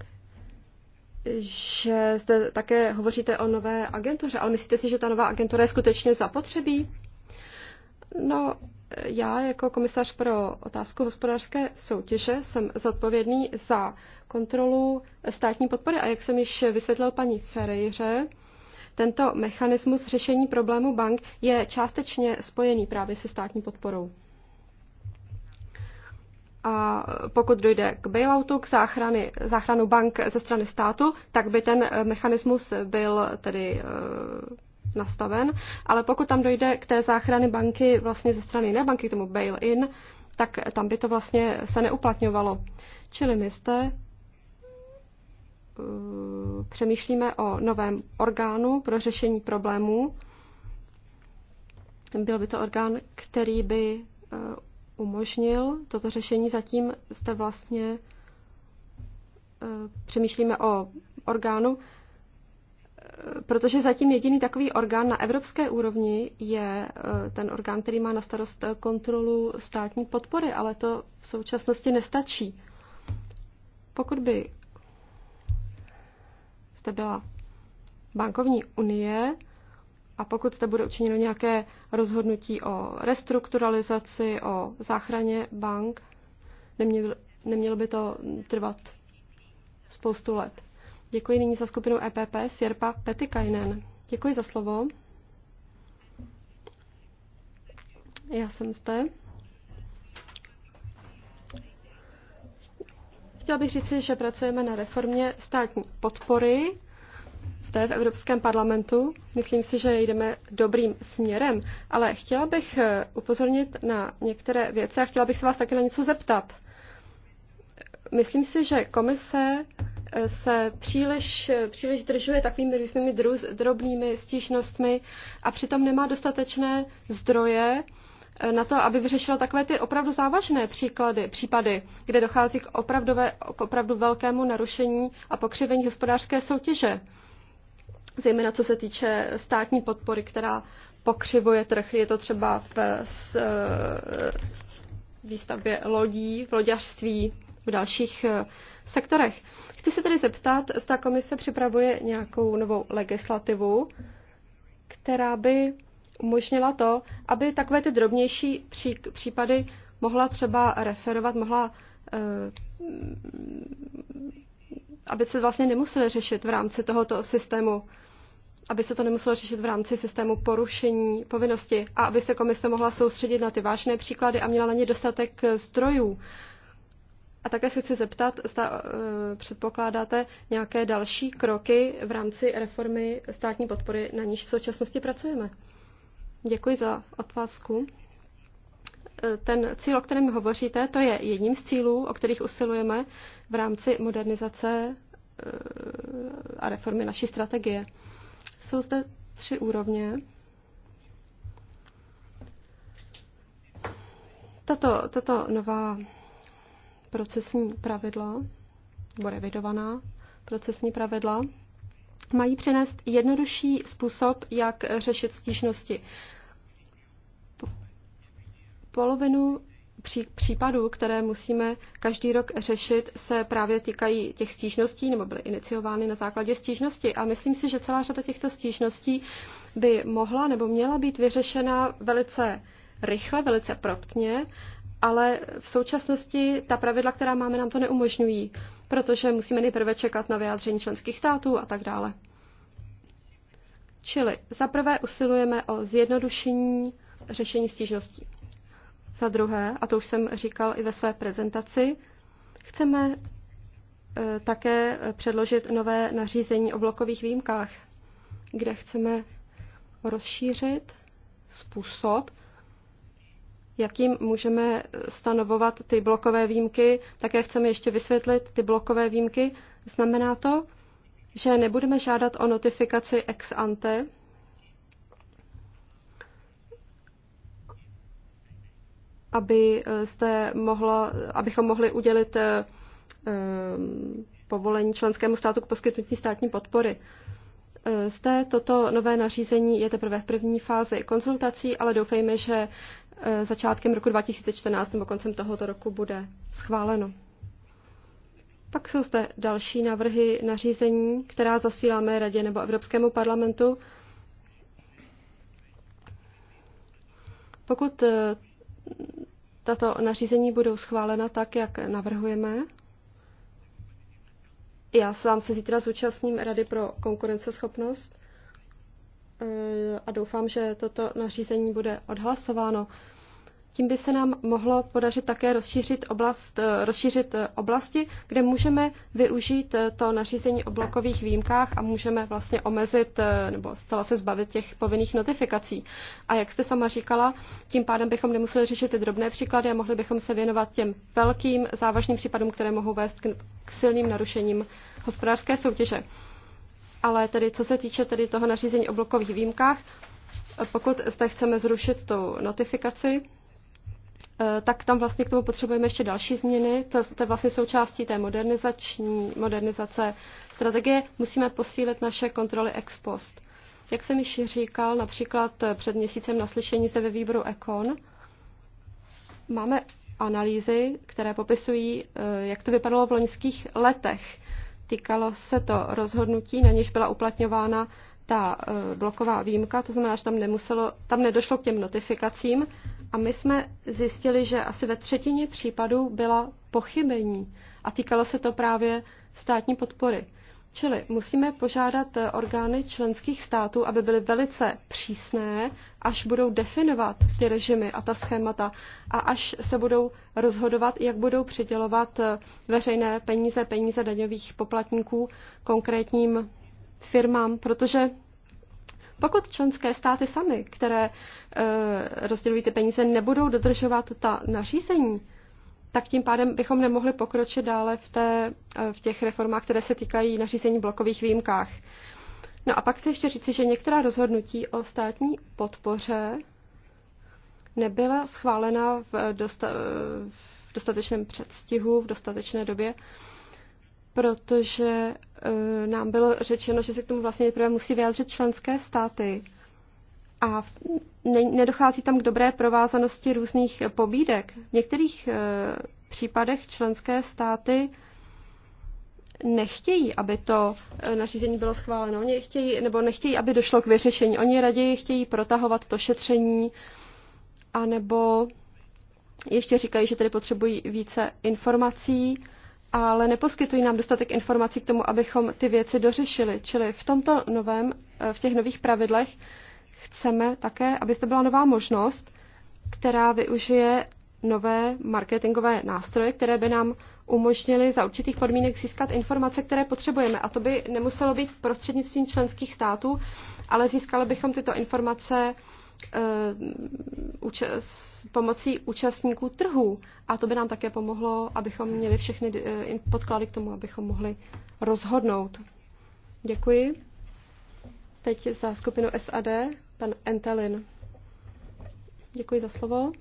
že zde také hovoříte o nové agentuře, ale myslíte si, že ta nová agentura je skutečně zapotřebí? No, já jako komisař pro otázku hospodářské soutěže jsem zodpovědný za kontrolu státní podpory a jak jsem již vysvětlil paní Ferejře, tento mechanismus řešení problému bank je částečně spojený právě se státní podporou a pokud dojde k bailoutu, k záchrany, záchranu bank ze strany státu, tak by ten eh, mechanismus byl tedy eh, nastaven. Ale pokud tam dojde k té záchrany banky vlastně ze strany jiné banky, k tomu bail-in, tak tam by to vlastně se neuplatňovalo. Čili my jste eh, přemýšlíme o novém orgánu pro řešení problémů. Byl by to orgán, který by umožnil toto řešení. Zatím jste vlastně eh, přemýšlíme o orgánu, eh, protože zatím jediný takový orgán na evropské úrovni je eh, ten orgán, který má na starost kontrolu státní podpory, ale to v současnosti nestačí. Pokud by jste byla bankovní unie, a pokud to bude učiněno nějaké rozhodnutí o restrukturalizaci, o záchraně bank, nemělo, nemělo by to trvat spoustu let. Děkuji nyní za skupinu EPP Sierpa Petikainen. Děkuji za slovo. Já jsem zde. Chtěla bych říci, že pracujeme na reformě státní podpory zde v Evropském parlamentu. Myslím si, že jdeme dobrým směrem, ale chtěla bych eh, upozornit na některé věci a chtěla bych se vás také na něco zeptat. Myslím si, že komise eh, se příliš, eh, příliš držuje takovými různými druz, drobnými stížnostmi a přitom nemá dostatečné zdroje na to, aby vyřešila takové ty opravdu závažné příklady, případy, kde dochází k, opravdové, k opravdu velkému narušení a pokřivení hospodářské soutěže zejména co se týče státní podpory, která pokřivuje trh. Je to třeba v s, eh, výstavbě lodí, v loďařství, v dalších eh, sektorech. Chci se tedy zeptat, zda komise připravuje nějakou novou legislativu, která by umožnila to, aby takové ty drobnější pří, případy mohla třeba referovat, mohla eh, aby se vlastně nemuseli řešit v rámci tohoto systému aby se to nemuselo řešit v rámci systému porušení povinnosti a aby se komise mohla soustředit na ty vážné příklady a měla na ně dostatek eh, zdrojů. A také se chci zeptat, zda eh, předpokládáte nějaké další kroky v rámci reformy státní podpory, na níž v současnosti pracujeme. Děkuji za otázku. Eh, ten cíl, o kterém hovoříte, to je jedním z cílů, o kterých usilujeme v rámci modernizace a reformy naší strategie. Jsou zde tři úrovně. Tato, tato nová procesní pravidla, nebo revidovaná procesní pravidla, mají přinést jednodušší způsob, jak řešit stížnosti. Polovinu případů, které musíme každý rok řešit, se právě týkají těch stížností nebo byly iniciovány na základě stížnosti. A myslím si, že celá řada těchto stížností by mohla nebo měla být vyřešena velice rychle, velice proptně, ale v současnosti ta pravidla, která máme, nám to neumožňují, protože musíme nejprve čekat na vyjádření členských států a tak dále. Čili zaprvé usilujeme o zjednodušení řešení stížností. Za druhé, a to už jsem říkal i ve své prezentaci, chceme e, také předložit nové nařízení o blokových výjimkách, kde chceme rozšířit způsob, jakým můžeme stanovovat ty blokové výjimky. Také chceme ještě vysvětlit ty blokové výjimky. Znamená to, že nebudeme žádat o notifikaci ex ante, aby eh, jste mohlo, abychom mohli udělit eh, eh, povolení členskému státu k poskytnutí státní podpory. Zde toto nové nařízení je teprve v první fázi konzultací, ale doufejme, že začátkem roku 2014 nebo koncem tohoto roku bude schváleno. Pak jsou zde další návrhy nařízení, která zasíláme Radě nebo Evropskému parlamentu. Pokud tato nařízení budou schválena tak, jak navrhujeme. Já sám se zítra zúčastním Rady pro konkurenceschopnost eh, a doufám, že toto nařízení bude odhlasováno. Tím by se nám mohlo podařit také rozšířit, oblast, eh, rozšířit eh, oblasti, kde můžeme využít eh, to nařízení o blokových výjimkách a můžeme vlastně omezit nebo zcela se zbavit těch povinných notifikací. A jak jste sama říkala, tím pádem bychom nemuseli řešit ty drobné příklady a mohli bychom se věnovat těm velkým závažným případům, které mohou vést k, silným narušením hospodářské soutěže. Ale tedy co se týče tedy toho nařízení o blokových výjimkách, pokud zde chceme zrušit tu notifikaci, Eh, tak tam vlastně k tomu potřebujeme ještě další změny. To, to je vlastně součástí té modernizační, modernizace strategie. Musíme posílit naše kontroly ex post. Jak jsem již říkal, například eh, před měsícem na slyšení zde ve výboru Econ, máme analýzy, které popisují, eh, jak to vypadalo v loňských letech. Týkalo se to rozhodnutí, na něž byla uplatňována ta bloková výjimka, to znamená, že tam, nemuselo, tam nedošlo k těm notifikacím, a my jsme zjistili, že asi ve třetině případů byla pochybení a týkalo se to právě státní podpory. Čili musíme požádat eh, orgány členských států, aby byly velice přísné, až budou definovat ty režimy a ta schémata a až se budou rozhodovat, jak budou přidělovat eh, veřejné peníze, peníze daňových poplatníků konkrétním firmám, protože pokud členské státy sami, které e, rozdělují ty peníze, nebudou dodržovat ta nařízení, tak tím pádem bychom nemohli pokročit dále v, té, eh, v těch reformách, které se týkají nařízení blokových výjimkách. No a pak chci ještě říci, že některá rozhodnutí o státní podpoře nebyla schválena v, dosta, eh, v dostatečném předstihu, v dostatečné době protože eh, nám bylo řečeno, že se k tomu vlastně nejprve musí vyjádřit členské státy. A v, ne, nedochází tam k dobré provázanosti různých pobídek. V některých eh, případech členské státy nechtějí, aby to eh, nařízení bylo schváleno. Oni chtějí, nebo nechtějí, aby došlo k vyřešení. Oni raději chtějí protahovat to šetření, anebo ještě říkají, že tedy potřebují více informací ale neposkytují nám dostatek informací k tomu, abychom ty věci dořešili. Čili v tomto novém, eh, v těch nových pravidlech chceme také, aby to byla nová možnost, která využije nové marketingové nástroje, které by nám umožnily za určitých podmínek získat informace, které potřebujeme. A to by nemuselo být prostřednictvím členských států, ale získali bychom tyto informace Eh, pomocí účastníků trhů. A to by nám také pomohlo, abychom měli všechny eh, podklady k tomu, abychom mohli rozhodnout. Děkuji. Teď za skupinu SAD pan Entelin. Děkuji za slovo.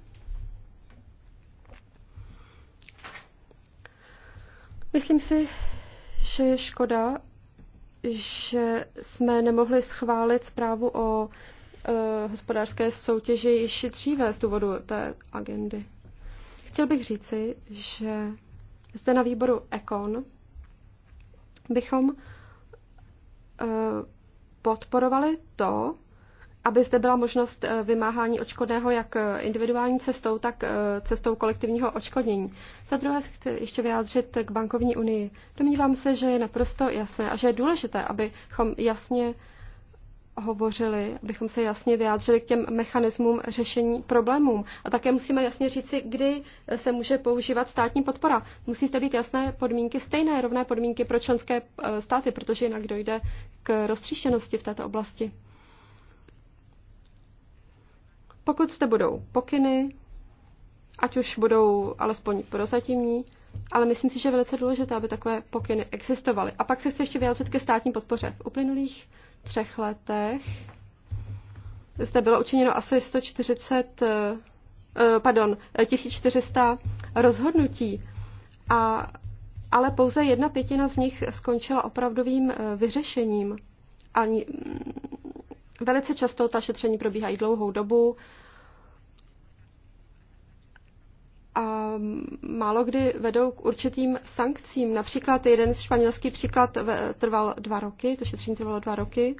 Myslím si, že je škoda, že jsme nemohli schválit zprávu o Eh, hospodářské soutěže již dříve z důvodu té agendy. Chtěl bych říci, že zde na výboru Econ bychom eh, podporovali to, aby zde byla možnost eh, vymáhání očkodného jak individuální cestou, tak cestou kolektivního očkodnění. Za druhé chci ještě vyjádřit k bankovní unii. Domnívám se, že je naprosto jasné a že je důležité, abychom jasně hovořili, abychom se jasně vyjádřili k těm mechanismům řešení problémům. A také musíme jasně říci, kdy se může používat státní podpora. Musí zde být jasné podmínky, stejné rovné podmínky pro členské eh, státy, protože jinak dojde k roztříštěnosti v této oblasti. Pokud zde budou pokyny, ať už budou alespoň prozatímní, ale myslím si, že je velice důležité, aby takové pokyny existovaly. A pak se chci ještě vyjádřit ke státní podpoře. V uplynulých třech letech zde bylo učiněno asi 140, eh, eh, pardon, 1400 rozhodnutí, a, ale pouze jedna pětina z nich skončila opravdovým eh, vyřešením. A mm, velice často ta šetření probíhají dlouhou dobu, a málo kdy vedou k určitým sankcím. Například jeden španělský příklad trval dva roky, to šetření trvalo dva roky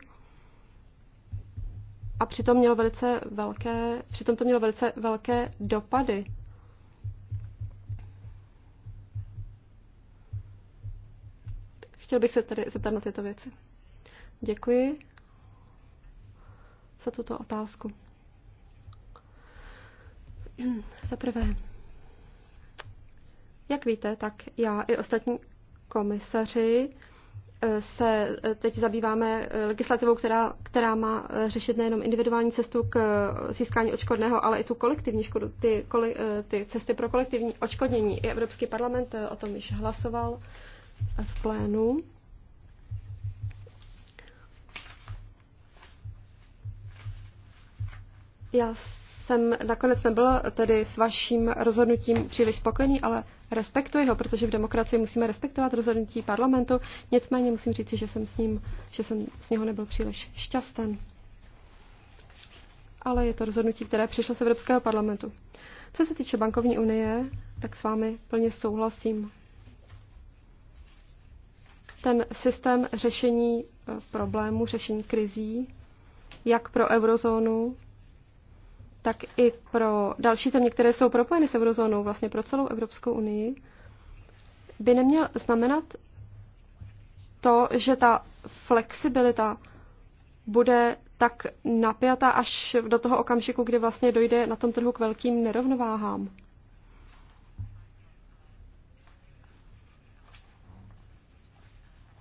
a přitom, mělo velice velké, přitom to mělo velice velké dopady. Chtěl bych se tady zeptat na tyto věci. Děkuji za tuto otázku. Za prvé, jak víte, tak já i ostatní komisaři eh, se eh, teď zabýváme eh, legislativou, která, která má řešit nejenom individuální cestu k získání očkodného, ale i tu kolektivní škodu, ty, kole, ty cesty pro kolektivní očkodnění. I Evropský parlament o tom již hlasoval v plénu. Já jsem nakonec nebyl tedy s vaším rozhodnutím příliš spokojený, ale respektuji ho, protože v demokracii musíme respektovat rozhodnutí parlamentu. Nicméně musím říci, že jsem s ním, že jsem s něho nebyl příliš šťasten. Ale je to rozhodnutí, které přišlo z Evropského parlamentu. Co se týče bankovní unie, tak s vámi plně souhlasím. Ten systém řešení eh, problémů, řešení krizí, jak pro eurozónu, tak i pro další země, které jsou propojeny s eurozónou, vlastně pro celou Evropskou unii, by neměl znamenat to, že ta flexibilita bude tak napjata až do toho okamžiku, kdy vlastně dojde na tom trhu k velkým nerovnováhám.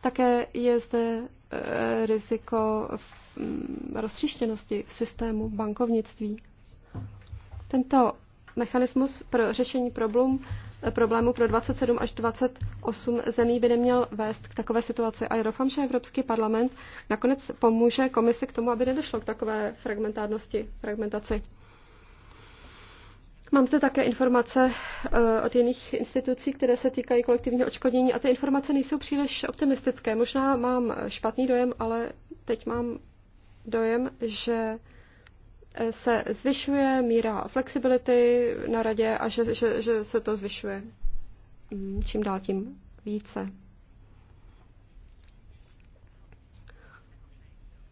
Také je zde e, riziko roztříštěnosti systému bankovnictví. Tento mechanismus pro řešení problém, problému pro 27 až 28 zemí by neměl vést k takové situaci. A já doufám, že Evropský parlament nakonec pomůže komisi k tomu, aby nedošlo k takové fragmentárnosti, fragmentaci. Mám zde také informace eh, od jiných institucí, které se týkají kolektivního očkodnění a ty informace nejsou příliš optimistické. Možná mám špatný dojem, ale teď mám dojem, že se zvyšuje míra flexibility na radě a že, že, že se to zvyšuje mm, čím dál tím více.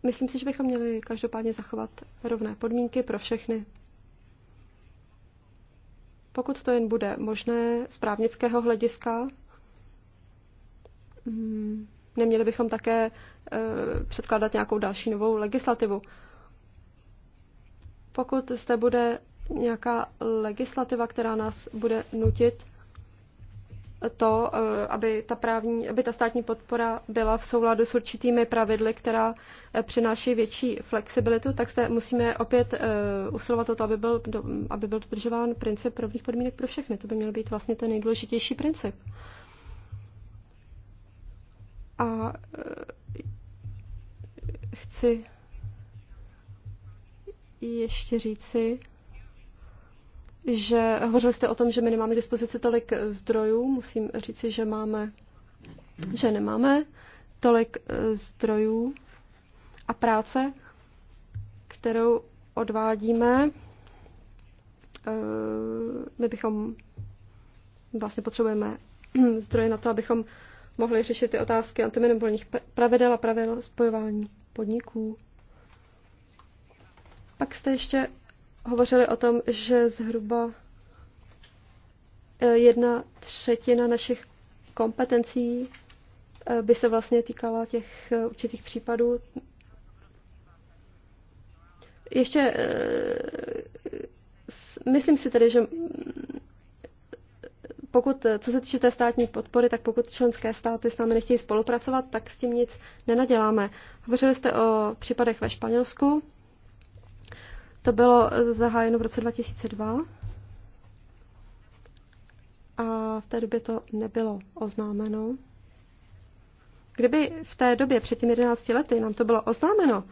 Myslím si, že bychom měli každopádně zachovat rovné podmínky pro všechny. Pokud to jen bude možné z právnického hlediska, mm, neměli bychom také eh, předkládat nějakou další novou legislativu. Pokud zde bude nějaká legislativa, která nás bude nutit to, eh, aby ta, právní, aby ta státní podpora byla v souladu s určitými pravidly, která eh, přináší větší flexibilitu, tak se musíme opět eh, usilovat o to, aby byl, aby byl dodržován princip rovných podmínek pro všechny. To by měl být vlastně ten nejdůležitější princip. A chci ještě říci, že hovořili jste o tom, že my nemáme k dispozici tolik zdrojů. Musím říci, že máme, že nemáme tolik eh, zdrojů a práce, kterou odvádíme. Eh, my bychom vlastně potřebujeme zdroje na to, abychom mohli řešit ty otázky antimonopolních pravidel a pravidel spojování podniků. Pak jste ještě hovořili o tom, že zhruba eh, jedna třetina našich kompetencí eh, by se vlastně týkala těch eh, určitých případů. Ještě myslím si tedy, že mm, pokud, co se týče té státní podpory, tak pokud členské státy s námi nechtějí spolupracovat, tak s tím nic nenaděláme. Hovořili jste o případech ve Španělsku. To bylo eh, zahájeno v roce 2002 a v té době to nebylo oznámeno. Kdyby v té době, před těmi 11 lety, nám to bylo oznámeno,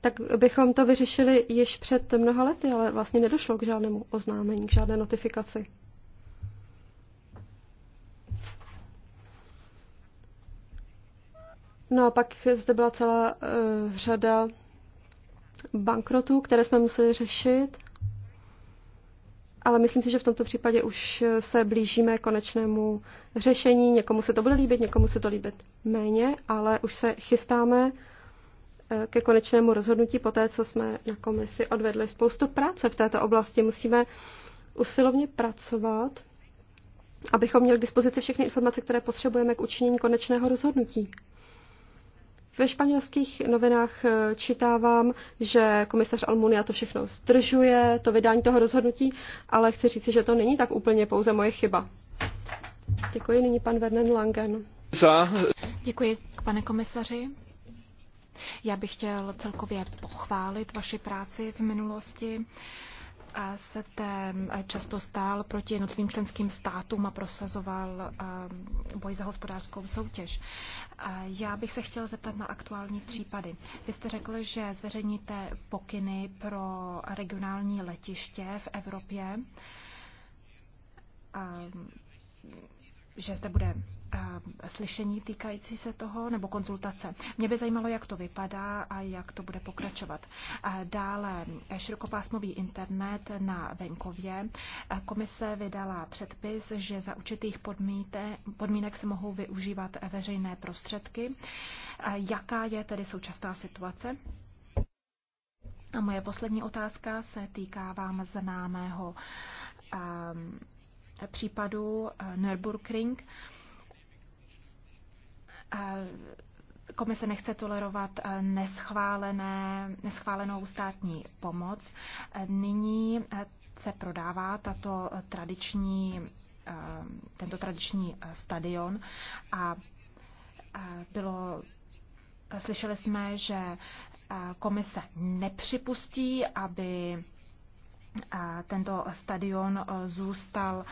tak bychom to vyřešili již před mnoha lety, ale vlastně nedošlo k žádnému oznámení, k žádné notifikaci. No a pak zde byla celá uh, řada bankrotů, které jsme museli řešit, ale myslím si, že v tomto případě už se blížíme konečnému řešení. Někomu se to bude líbit, někomu se to líbit méně, ale už se chystáme eh, ke konečnému rozhodnutí po té, co jsme na komisi odvedli spoustu práce v této oblasti. Musíme usilovně pracovat, abychom měli k dispozici všechny informace, které potřebujeme k učinění konečného rozhodnutí. Ve španělských novinách eh, čitávám, že komisař Almunia to všechno zdržuje, to vydání toho rozhodnutí, ale chci říci, že to není tak úplně pouze moje chyba. Děkuji, nyní pan Vernon Langen. Za. Děkuji, pane komisaři. Já bych chtěl celkově pochválit vaši práci v minulosti se tém často stál proti jednotlivým členským státům a prosazoval boj za hospodářskou soutěž. Já bych se chtěl zeptat na aktuální případy. Vy jste řekl, že zveřejníte pokyny pro regionální letiště v Evropě že zde bude eh, slyšení týkající se toho, nebo konzultace. Mě by zajímalo, jak to vypadá a jak to bude pokračovat. Dále eh, širokopásmový internet na venkově. Eh, komise vydala předpis, že za určitých podmínek se mohou využívat veřejné prostředky. Jaká je tedy současná situace? A moje poslední otázka se týká vám známého um, případu eh, Nürburgring eh, komise nechce tolerovat eh, neschválené, neschválenou státní pomoc. Nyní se prodává tato tradiční, tento tradiční stadion a bylo, slyšeli jsme, že komise nepřipustí, aby tento stadion eh, zůstal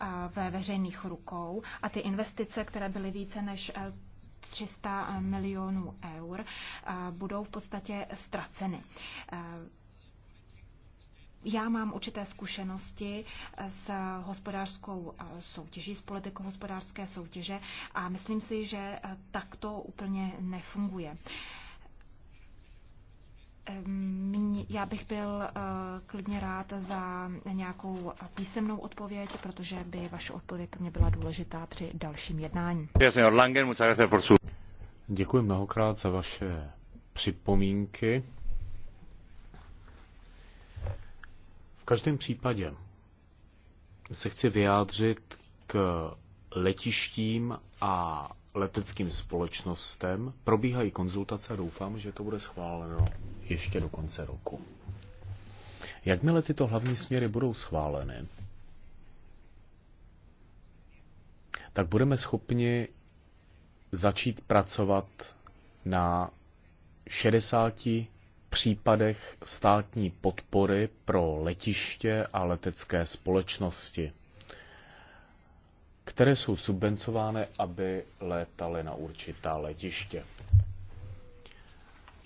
eh, ve veřejných rukou a ty investice, které byly více než 300 eh, milionů eur, budou v podstatě ztraceny. Já mám určité zkušenosti s hospodářskou soutěží, s politikou hospodářské soutěže a myslím si, že tak to úplně nefunguje. Já bych byl eh, klidně rád za nějakou písemnou odpověď, protože by vaše odpověď pro mě byla důležitá při dalším jednání. Děkuji mnohokrát za vaše připomínky. V každém případě se chci vyjádřit k letištím a leteckým společnostem. Probíhají konzultace a doufám, že to bude schváleno ještě do konce roku. Jakmile tyto hlavní směry budou schváleny, tak budeme schopni začít pracovat na 60 případech státní podpory pro letiště a letecké společnosti které jsou subvencovány, aby létaly na určitá letiště.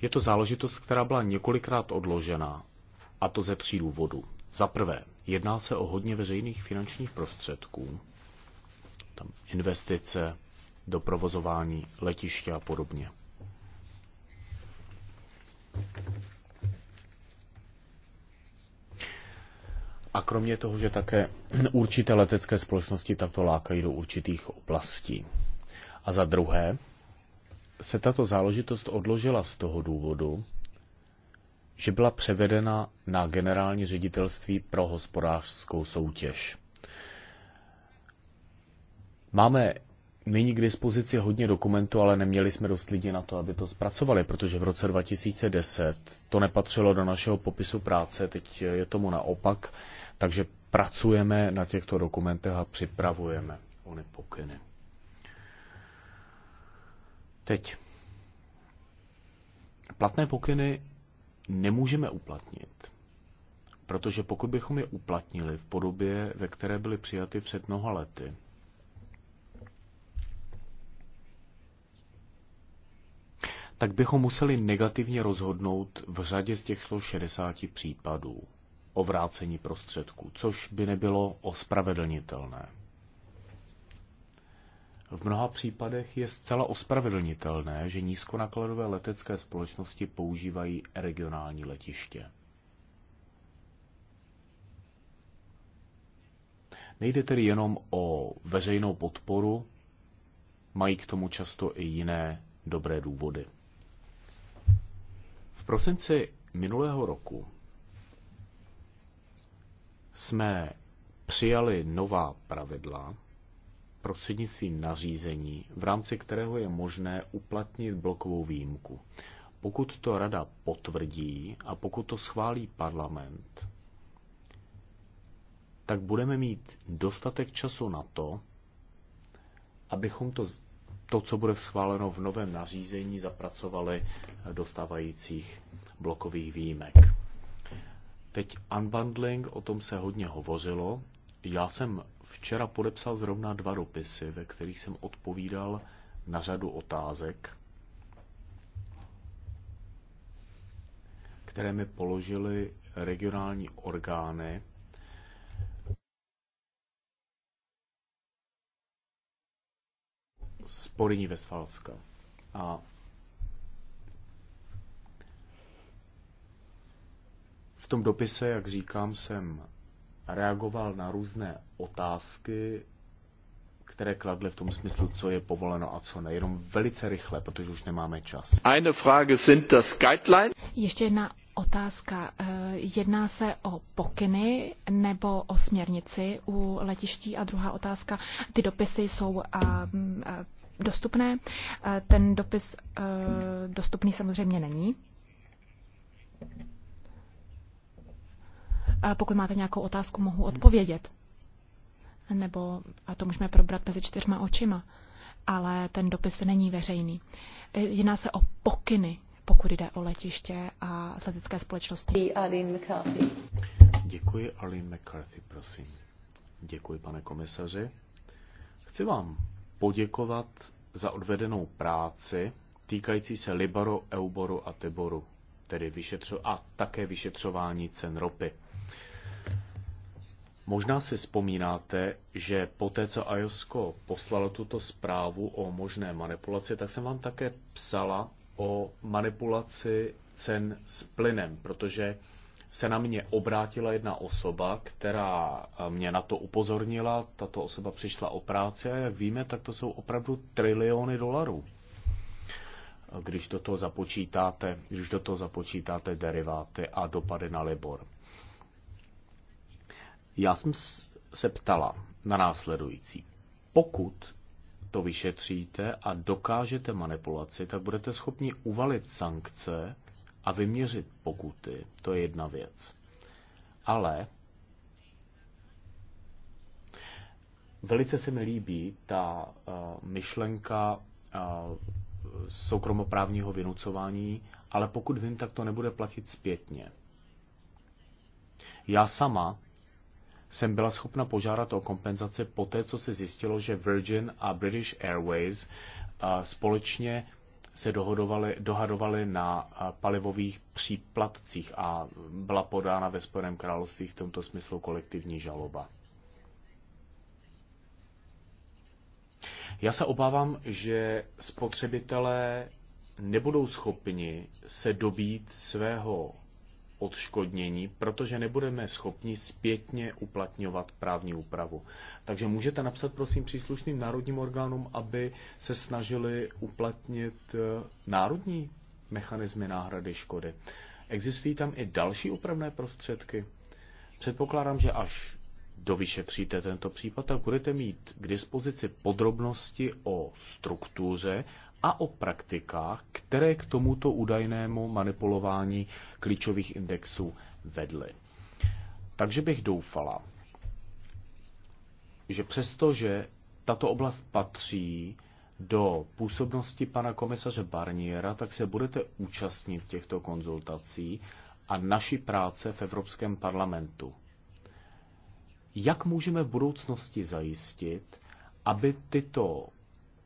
Je to záležitost, která byla několikrát odložena, a to ze tří důvodů. Za prvé, jedná se o hodně veřejných finančních prostředků, tam investice do provozování letiště a podobně. A kromě toho, že také určité letecké společnosti takto lákají do určitých oblastí. A za druhé, se tato záležitost odložila z toho důvodu, že byla převedena na generální ředitelství pro hospodářskou soutěž. Máme není k dispozici hodně dokumentů, ale neměli jsme dost lidí na to, aby to zpracovali, protože v roce 2010 to nepatřilo do našeho popisu práce, teď je tomu naopak, takže pracujeme na těchto dokumentech a připravujeme ony pokyny. Teď. Platné pokyny nemůžeme uplatnit, protože pokud bychom je uplatnili v podobě, ve které byly přijaty před mnoha lety, tak bychom museli negativně rozhodnout v řadě z těchto 60 případů o vrácení prostředků, což by nebylo ospravedlnitelné. V mnoha případech je zcela ospravedlnitelné, že nízkonakladové letecké společnosti používají regionální letiště. Nejde tedy jenom o veřejnou podporu, mají k tomu často i jiné dobré důvody prosinci minulého roku jsme přijali nová pravidla prostřednictvím nařízení, v rámci kterého je možné uplatnit blokovou výjimku. Pokud to rada potvrdí a pokud to schválí parlament, tak budeme mít dostatek času na to, abychom to to, co bude schváleno v novém nařízení, zapracovali do stávajících blokových výjimek. Teď unbundling, o tom se hodně hovořilo. Já jsem včera podepsal zrovna dva dopisy, ve kterých jsem odpovídal na řadu otázek, které mi položily regionální orgány z Poliní Vesfalska. A v tom dopise, jak říkám, jsem reagoval na různé otázky, které kladly v tom smyslu, co je povoleno a co ne. Jenom velice rychle, protože už nemáme čas. Eine Frage sind das guideline? Ještě jedna otázka. Eh, jedná se o pokyny nebo o směrnici u letiští? A druhá otázka, ty dopisy jsou dostupné. Eh, ten dopis eh, dostupný samozřejmě není. Pokud máte nějakou otázku, mohu odpovědět. Nebo a to můžeme probrat mezi čtyřma očima. Ale ten dopis není veřejný. Eh, jedná se o pokyny, pokud jde o letiště a letecké společnosti. McCarthy. Děkuji, Aline McCarthy, prosím. Děkuji, pane komisaři. Chci vám poděkovat za odvedenou práci týkající se Libaru, Euboru a Tiboru, tedy vyšetřo- a také vyšetřování cen ropy. Možná si vzpomínáte, že po té, co Ajosko poslalo tuto zprávu o možné manipulaci, tak jsem vám také psala o manipulaci cen s plynem, protože se na mě obrátila jedna osoba, která eh, mě na to upozornila. Tato osoba přišla o práci a jak víme, tak to jsou opravdu triliony dolarů. Když do toho započítáte, když do toho započítáte deriváty a dopady na Libor. Já jsem se ptala na následující. Pokud to vyšetříte a dokážete manipulaci, tak budete schopni uvalit sankce a vyměřit pokuty, to je jedna věc. Ale velice se mi líbí ta uh, myšlenka uh, soukromoprávního vynucování, ale pokud vím, tak to nebude platit zpětně. Já sama jsem byla schopna požádat o kompenzace po té, co se zjistilo, že Virgin a British Airways eh, společně se dohodovali, dohadovali na palivových příplatcích a byla podána ve Spojeném království v tomto smyslu kolektivní žaloba. Já se obávám, že spotřebitelé nebudou schopni se dobít svého odškodnění, protože nebudeme schopni zpětně uplatňovat právní úpravu. Takže můžete napsat prosím příslušným národním orgánům, aby se snažili uplatnit eh, národní mechanismy náhrady škody. Existují tam i další upravné prostředky. Předpokládám, že až dovyšetříte tento případ, tak budete mít k dispozici podrobnosti o struktuře a o praktikách, které k tomuto údajnému manipulování klíčových indexů vedly. Takže bych doufala, že přestože tato oblast patří do působnosti pana komisaře Barniera, tak se budete účastnit těchto konzultací a naší práce v Evropském parlamentu. Jak můžeme v budoucnosti zajistit, aby tyto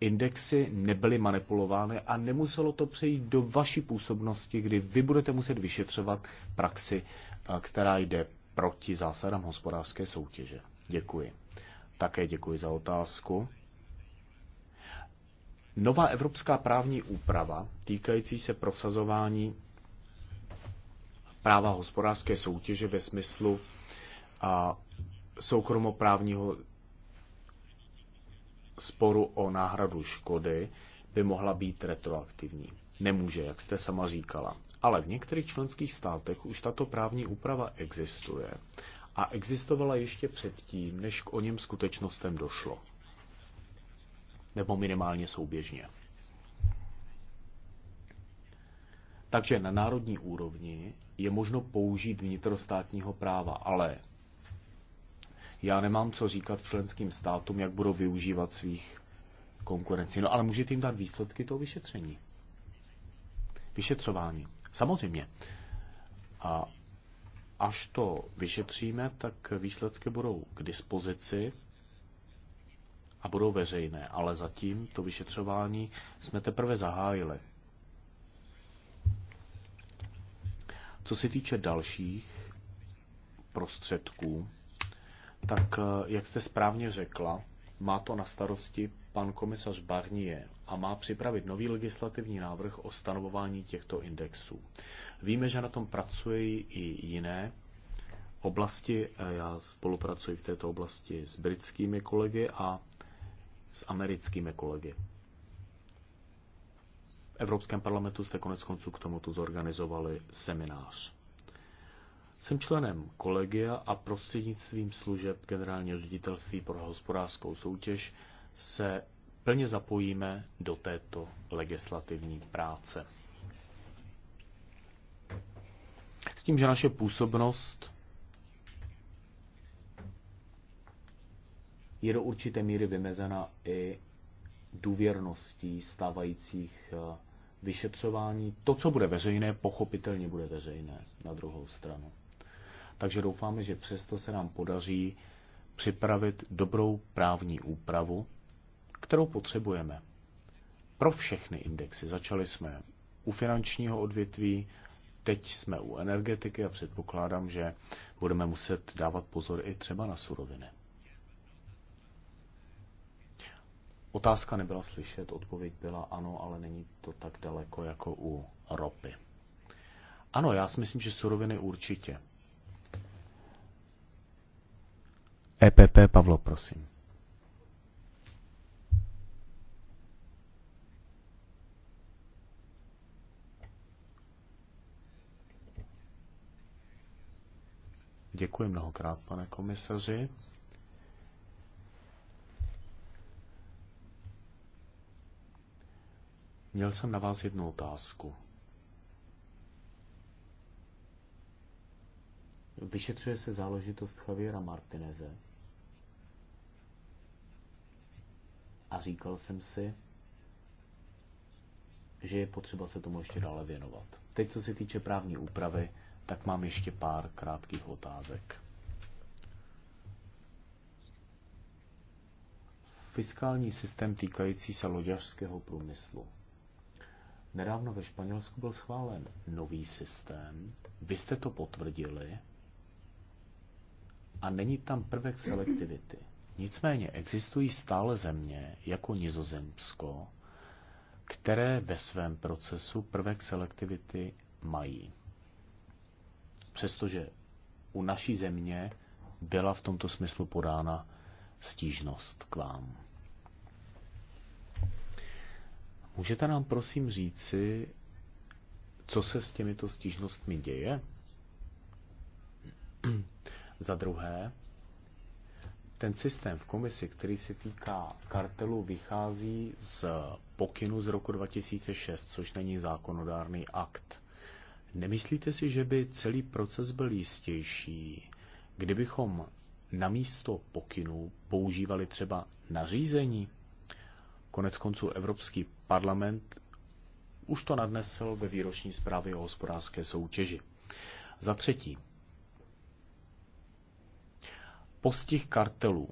indexy nebyly manipulovány a nemuselo to přejít do vaší působnosti, kdy vy budete muset vyšetřovat praxi, eh, která jde proti zásadám hospodářské soutěže. Děkuji. Také děkuji za otázku. Nová evropská právní úprava týkající se prosazování práva hospodářské soutěže ve smyslu a eh, soukromoprávního sporu o náhradu škody by mohla být retroaktivní. Nemůže, jak jste sama říkala. Ale v některých členských státech už tato právní úprava existuje a existovala ještě předtím, než k o něm skutečnostem došlo. Nebo minimálně souběžně. Takže na národní úrovni je možno použít vnitrostátního práva, ale já nemám co říkat členským státům, jak budou využívat svých konkurencí. No ale můžete jim dát výsledky toho vyšetření. Vyšetřování. Samozřejmě. A až to vyšetříme, tak výsledky budou k dispozici a budou veřejné, ale zatím to vyšetřování jsme teprve zahájili. Co se týče dalších prostředků, tak eh, jak jste správně řekla, má to na starosti pan komisař Barnier a má připravit nový legislativní návrh o stanovování těchto indexů. Víme, že na tom pracují i jiné oblasti. Eh, Já spolupracuji v této oblasti s britskými kolegy a s americkými kolegy. V Evropském parlamentu jste konec konců k tomuto zorganizovali seminář. Jsem členem kolegia a prostřednictvím služeb generálního ředitelství pro hospodářskou soutěž se plně zapojíme do této legislativní práce. S tím, že naše působnost je do určité míry vymezena i důvěrností stávajících eh, vyšetřování. To, co bude veřejné, pochopitelně bude veřejné na druhou stranu. Takže doufáme, že přesto se nám podaří připravit dobrou právní úpravu, kterou potřebujeme. Pro všechny indexy začali jsme u finančního odvětví, teď jsme u energetiky a předpokládám, že budeme muset dávat pozor i třeba na suroviny. Otázka nebyla slyšet, odpověď byla ano, ale není to tak daleko jako u ropy. Ano, já si myslím, že suroviny určitě. EPP Pavlo, prosím. Děkuji mnohokrát, pane komisaři. Měl jsem na vás jednu otázku. Vyšetřuje se záležitost Javiera Martineze. a říkal jsem si, že je potřeba se tomu ještě dále věnovat. Teď, co se týče právní úpravy, tak mám ještě pár krátkých otázek. Fiskální systém týkající se loďařského průmyslu. Nedávno ve Španělsku byl schválen nový systém. Vy jste to potvrdili. A není tam prvek selektivity. Nicméně existují stále země, jako Nizozemsko, které ve svém procesu prvek selektivity mají. Přestože u naší země byla v tomto smyslu podána stížnost k vám. Můžete nám prosím říci, co se s těmito stížnostmi děje? Za druhé, ten systém v komisi, který se týká kartelu, vychází z pokynu z roku 2006, což není zákonodárný akt. Nemyslíte si, že by celý proces byl jistější, kdybychom na místo pokynů používali třeba nařízení? Konec konců Evropský parlament už to nadnesl ve výroční zprávě o hospodářské soutěži. Za třetí, Postih kartelů.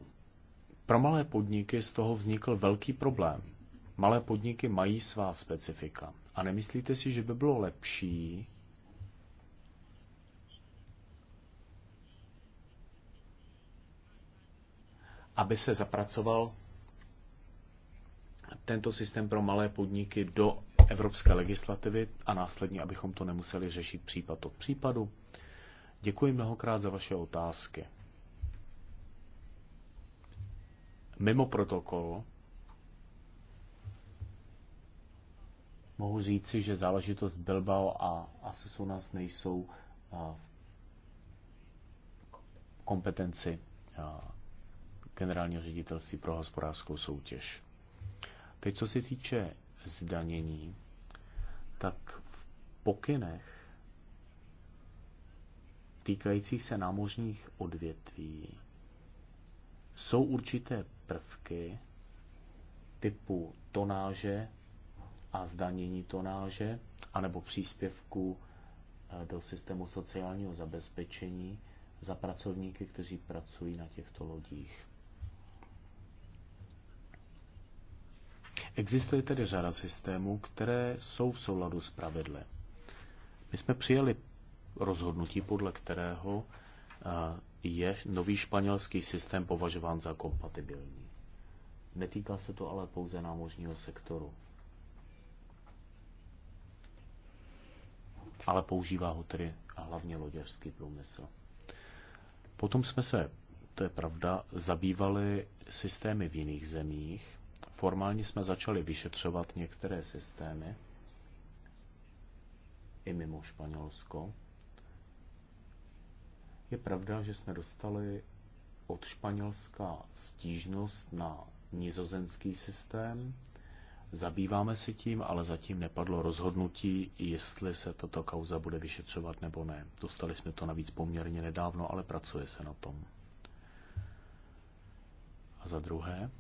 Pro malé podniky z toho vznikl velký problém. Malé podniky mají svá specifika. A nemyslíte si, že by bylo lepší aby se zapracoval tento systém pro malé podniky do evropské legislativy a následně, abychom to nemuseli řešit případ od případu. Děkuji mnohokrát za vaše otázky. mimo protokol, mohu říci, že záležitost Bilbao a Asisunas nejsou v kompetenci generálního ředitelství pro hospodářskou soutěž. Teď, co se týče zdanění, tak v pokynech týkajících se námořních odvětví jsou určité prvky typu tonáže a zdanění tonáže, anebo příspěvku eh, do systému sociálního zabezpečení za pracovníky, kteří pracují na těchto lodích. Existuje tedy řada systémů, které jsou v souladu s pravidly. My jsme přijali rozhodnutí, podle kterého eh, je nový španělský systém považován za kompatibilní. Netýká se to ale pouze námořního sektoru. Ale používá ho tedy hlavně loděřský průmysl. Potom jsme se, to je pravda, zabývali systémy v jiných zemích. Formálně jsme začali vyšetřovat některé systémy i mimo Španělsko. Je pravda, že jsme dostali od Španělska stížnost na nizozemský systém. Zabýváme se tím, ale zatím nepadlo rozhodnutí, jestli se tato kauza bude vyšetřovat nebo ne. Dostali jsme to navíc poměrně nedávno, ale pracuje se na tom. A za druhé,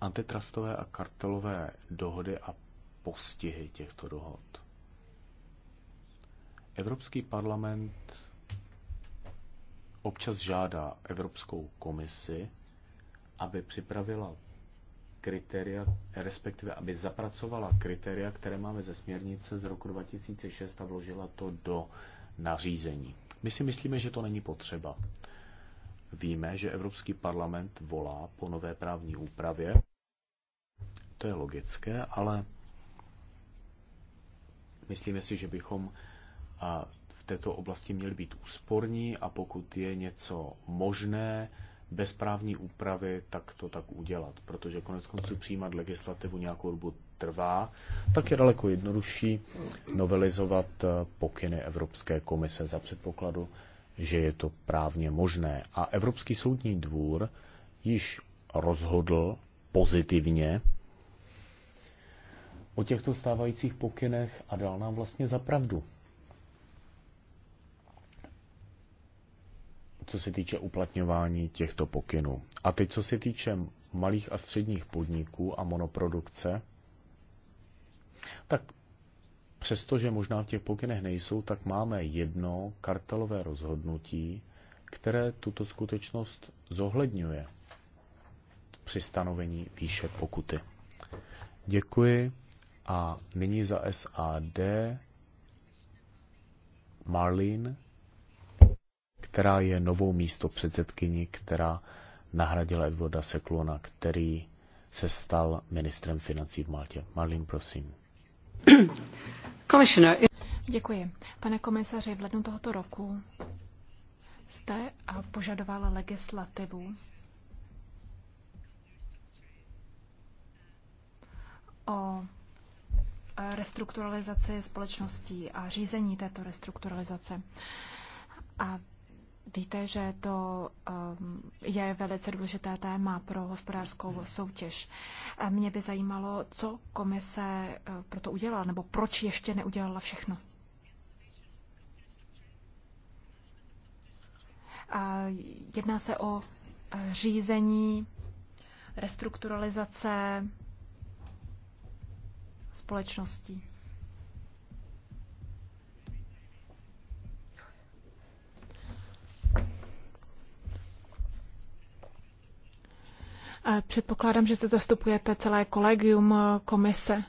antitrustové a kartelové dohody a postihy těchto dohod. Evropský parlament občas žádá Evropskou komisi, aby připravila kritéria, respektive aby zapracovala kritéria, které máme ze směrnice z roku 2006 a vložila to do nařízení. My si myslíme, že to není potřeba. Víme, že Evropský parlament volá po nové právní úpravě. To je logické, ale myslíme si, že bychom a v této oblasti měli být úsporní a pokud je něco možné bez právní úpravy, tak to tak udělat. Protože konec konců přijímat legislativu nějakou dobu trvá, tak je daleko jednodušší novelizovat eh, pokyny Evropské komise za předpokladu, že je to právně možné. A Evropský soudní dvůr již rozhodl pozitivně o těchto stávajících pokynech a dal nám vlastně za pravdu. co se týče uplatňování těchto pokynů. A teď, co se týče malých a středních podniků a monoprodukce, tak přestože možná v těch pokynech nejsou, tak máme jedno kartelové rozhodnutí, které tuto skutečnost zohledňuje při stanovení výše pokuty. Děkuji a nyní za SAD Marlene která je novou místo předsedkyni, která nahradila Edvoda Seklona, který se stal ministrem financí v Maltě. Marlin, prosím. Děkuji. Pane komisaři, v lednu tohoto roku jste požadoval legislativu o restrukturalizaci společností a řízení této restrukturalizace. A Víte, že to ehm, je velice důležité téma pro hospodářskou soutěž. Mě by zajímalo, co komise eh, pro to udělala, nebo proč ještě neudělala všechno. Jedná se o eh, řízení, restrukturalizace společností. Předpokládám, že zde zastupujete celé kolegium eh, komise.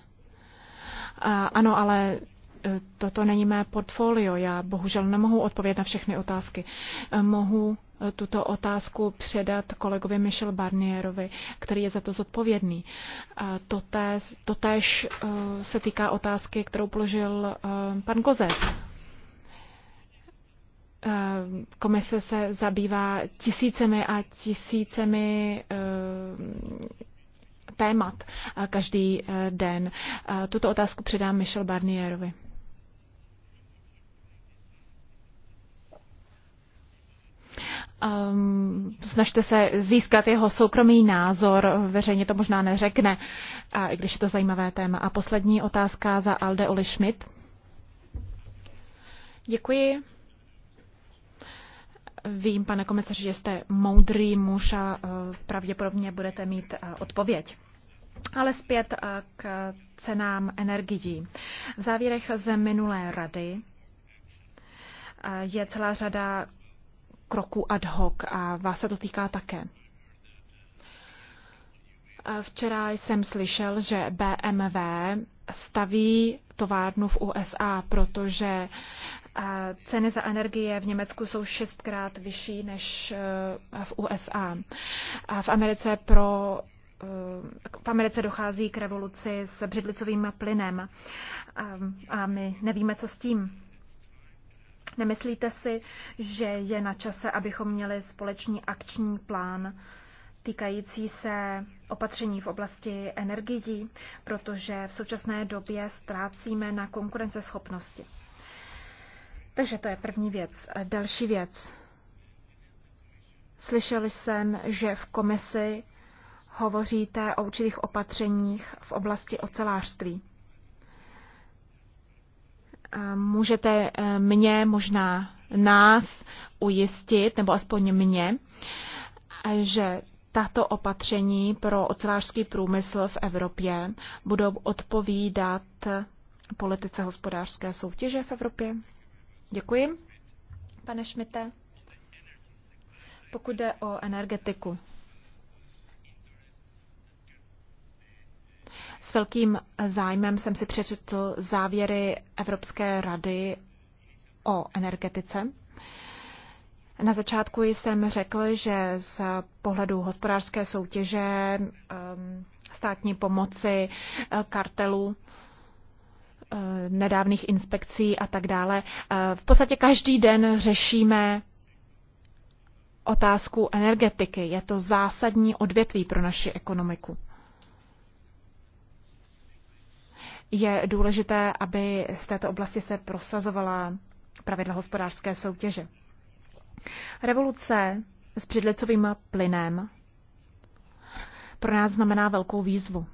Ano, ale eh, toto není mé portfolio. Já bohužel nemohu odpovědět na všechny otázky. Eh, mohu tuto otázku předat kolegovi Michel Barnierovi, který je za to zodpovědný. Totéž se týká otázky, kterou položil pan Gozes. Eh, komise se zabývá tisícemi a tisícemi eh, témat každý eh, den. Tuto otázku předám Michel Barnierovi. Um, snažte se získat jeho soukromý názor, veřejně to možná neřekne, a, i když je to zajímavé téma. A poslední otázka za Alde Oli Schmidt. Děkuji. Vím, pane komisaři, že jste moudrý muž a e, pravděpodobně budete mít e, odpověď. Ale zpět e, k cenám energií. V závěrech ze minulé rady je celá řada kroků ad hoc a vás se to týká také. Včera jsem slyšel, že BMW staví továrnu v USA, protože Ceny za energie v Německu jsou šestkrát vyšší než eh, v USA. A v Americe pro eh, v Americe dochází k revoluci s břidlicovým plynem a my nevíme, co s tím. Nemyslíte si, že je na čase, abychom měli společný akční plán týkající se opatření v oblasti energií, protože v současné době ztrácíme na konkurenceschopnosti? Takže to je první věc. Další věc. Slyšeli jsem, že v komisi hovoříte o určitých opatřeních v oblasti ocelářství. Můžete eh, mě, možná nás ujistit, nebo aspoň mě, že tato opatření pro ocelářský průmysl v Evropě budou odpovídat politice hospodářské soutěže v Evropě? Děkuji, pane Šmite. Pokud jde o energetiku, s velkým zájmem jsem si přečetl závěry Evropské rady o energetice. Na začátku jsem řekl, že z pohledu hospodářské soutěže, ehm, státní pomoci, kartelu Eh, nedávných inspekcí a tak dále. Eh, v podstatě každý den řešíme otázku energetiky. Je to zásadní odvětví pro naši ekonomiku. Je důležité, aby z této oblasti se prosazovala pravidla hospodářské soutěže. Revoluce s přidlicovým plynem pro nás znamená velkou výzvu.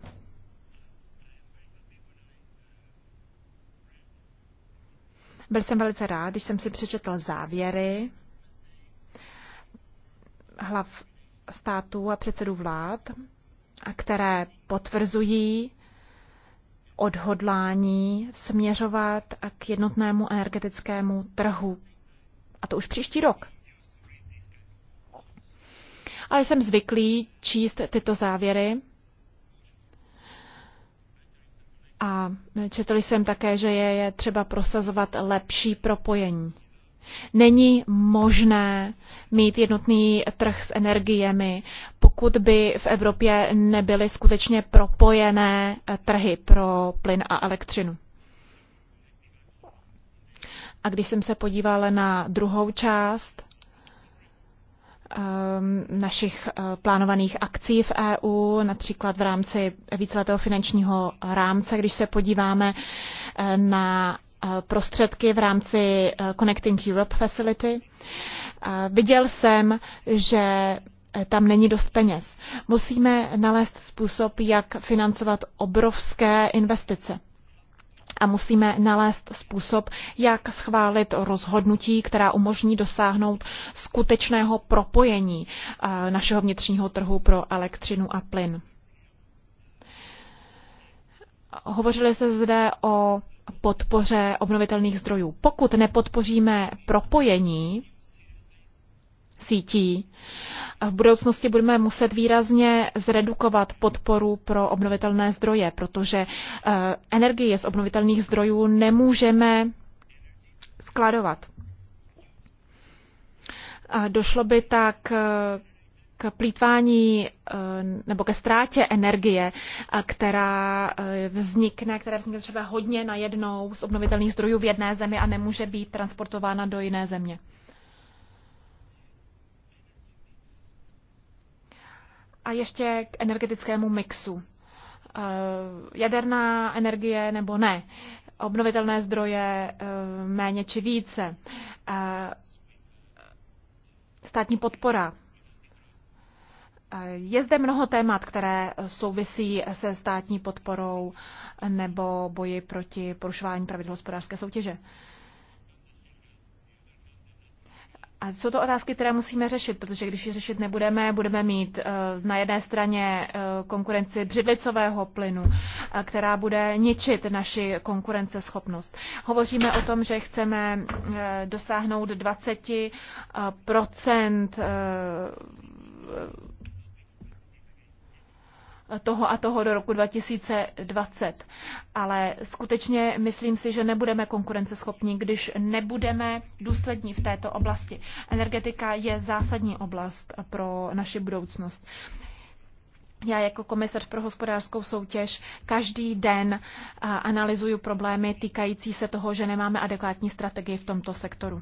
Byl jsem velice rád, když jsem si přečetl závěry hlav států a předsedů vlád, které potvrzují odhodlání směřovat k jednotnému energetickému trhu. A to už příští rok. Ale jsem zvyklý číst tyto závěry a četl jsem také, že je, je třeba prosazovat lepší propojení. Není možné mít jednotný trh s energiemi, pokud by v Evropě nebyly skutečně propojené eh, trhy pro plyn a elektřinu. A když jsem se podívala na druhou část Ehm, našich eh, plánovaných akcí v EU, například v rámci víceletého finančního rámce, když se podíváme eh, na eh, prostředky v rámci Connecting Europe Facility. Viděl jsem, že tam není dost peněz. Musíme nalézt způsob, jak financovat obrovské investice a musíme nalézt způsob, jak schválit rozhodnutí, která umožní dosáhnout skutečného propojení eh, našeho vnitřního trhu pro elektřinu a plyn. Hovořili se zde o podpoře obnovitelných zdrojů. Pokud nepodpoříme propojení, sítí. V budoucnosti budeme muset výrazně zredukovat podporu pro obnovitelné zdroje, protože eh, energie z obnovitelných zdrojů nemůžeme skladovat. Došlo by tak eh, k plítvání eh, nebo ke ztrátě energie, která vznikne, která vznikne třeba hodně najednou z obnovitelných zdrojů v jedné zemi a nemůže být transportována do jiné země. A ještě k energetickému mixu. Eh, jaderná energie nebo ne, obnovitelné zdroje eh, méně či více, eh, státní podpora. Je zde mnoho témat, které souvisí se státní podporou nebo boji proti porušování pravidel hospodářské soutěže. A jsou to otázky, které musíme řešit, protože když ji řešit nebudeme, budeme mít eh, na jedné straně eh, konkurenci břidlicového plynu, eh, která bude ničit naši konkurenceschopnost. Hovoříme o tom, že chceme dosáhnout 20 procent toho a toho do roku 2020. Ale skutečně myslím si, že nebudeme konkurenceschopní, když nebudeme důslední v této oblasti. Energetika je zásadní oblast pro naši budoucnost. Já jako komisař pro hospodářskou soutěž každý den analyzuju problémy týkající se toho, že nemáme adekvátní strategii v tomto sektoru.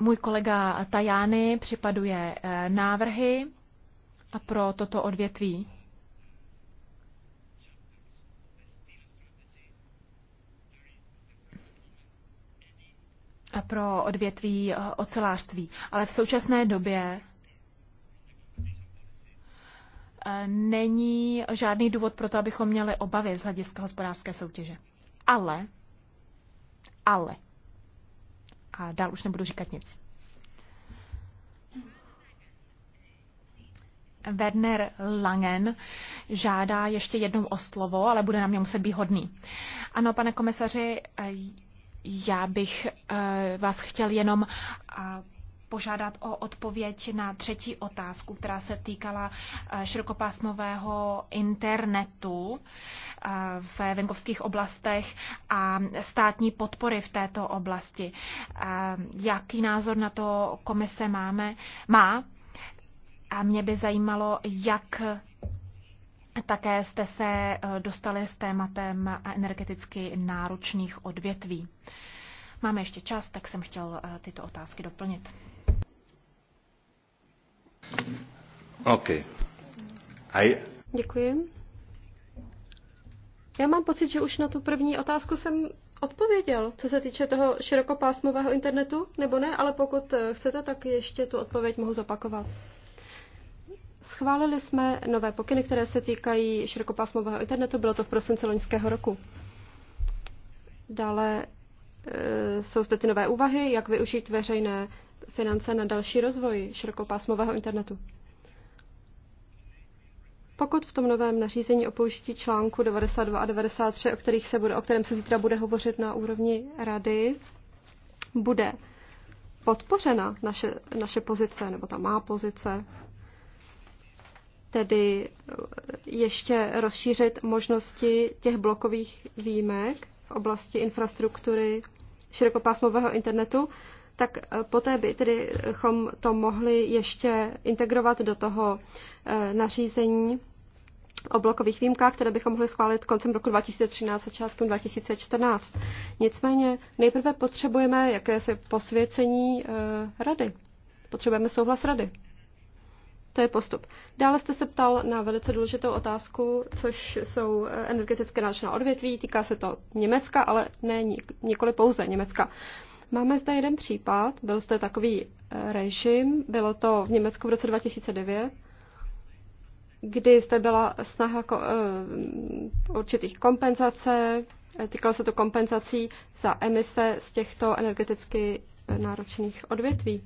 Můj kolega Tajány připaduje eh, návrhy pro toto odvětví. A pro odvětví eh, ocelářství. Ale v současné době eh, není žádný důvod pro to, abychom měli obavy z hlediska hospodářské soutěže. Ale, ale, a dál už nebudu říkat nic. Werner Langen žádá ještě jednou o slovo, ale bude na mě muset být hodný. Ano, pane komisaři, já bych eh, vás chtěl jenom eh, požádat o odpověď na třetí otázku, která se týkala eh, širokopásmového internetu eh, v venkovských oblastech a státní podpory v této oblasti. Eh, jaký názor na to komise máme? Má? A mě by zajímalo, jak také jste se dostali s tématem energeticky náročných odvětví. Máme ještě čas, tak jsem chtěl tyto otázky doplnit. Děkuji. Já mám pocit, že už na tu první otázku jsem odpověděl, co se týče toho širokopásmového internetu, nebo ne, ale pokud eh, chcete, tak ještě tu odpověď mohu zopakovat. Schválili jsme nové pokyny, které se týkají širokopásmového internetu, bylo to v prosinci loňského roku. Dále eh, jsou zde ty nové úvahy, jak využít veřejné finance na další rozvoj širokopásmového internetu. Pokud v tom novém nařízení o použití článku 92 a 93, o, kterých se bude, o kterém se zítra bude hovořit na úrovni rady, bude podpořena naše, naše pozice, nebo ta má pozice, tedy eh, ještě rozšířit možnosti těch blokových výjimek v oblasti infrastruktury širokopásmového internetu, tak eh, poté by tedy eh, chom to mohli ještě integrovat do toho eh, nařízení o blokových výjimkách, které bychom mohli schválit koncem roku 2013, začátkem 2014. Nicméně nejprve potřebujeme jakési posvěcení rady. Potřebujeme souhlas rady. To je postup. Dále jste se ptal na velice důležitou otázku, což jsou energetické náročná odvětví. Týká se to Německa, ale ne nikoli pouze Německa. Uh, Máme zde jeden případ, byl zde takový eh, režim, bylo to v Německu v roce 2009, kdy zde byla snaha ko, eh, určitých kompenzace, eh, týkalo se to kompenzací za emise z těchto energeticky náročných odvětví.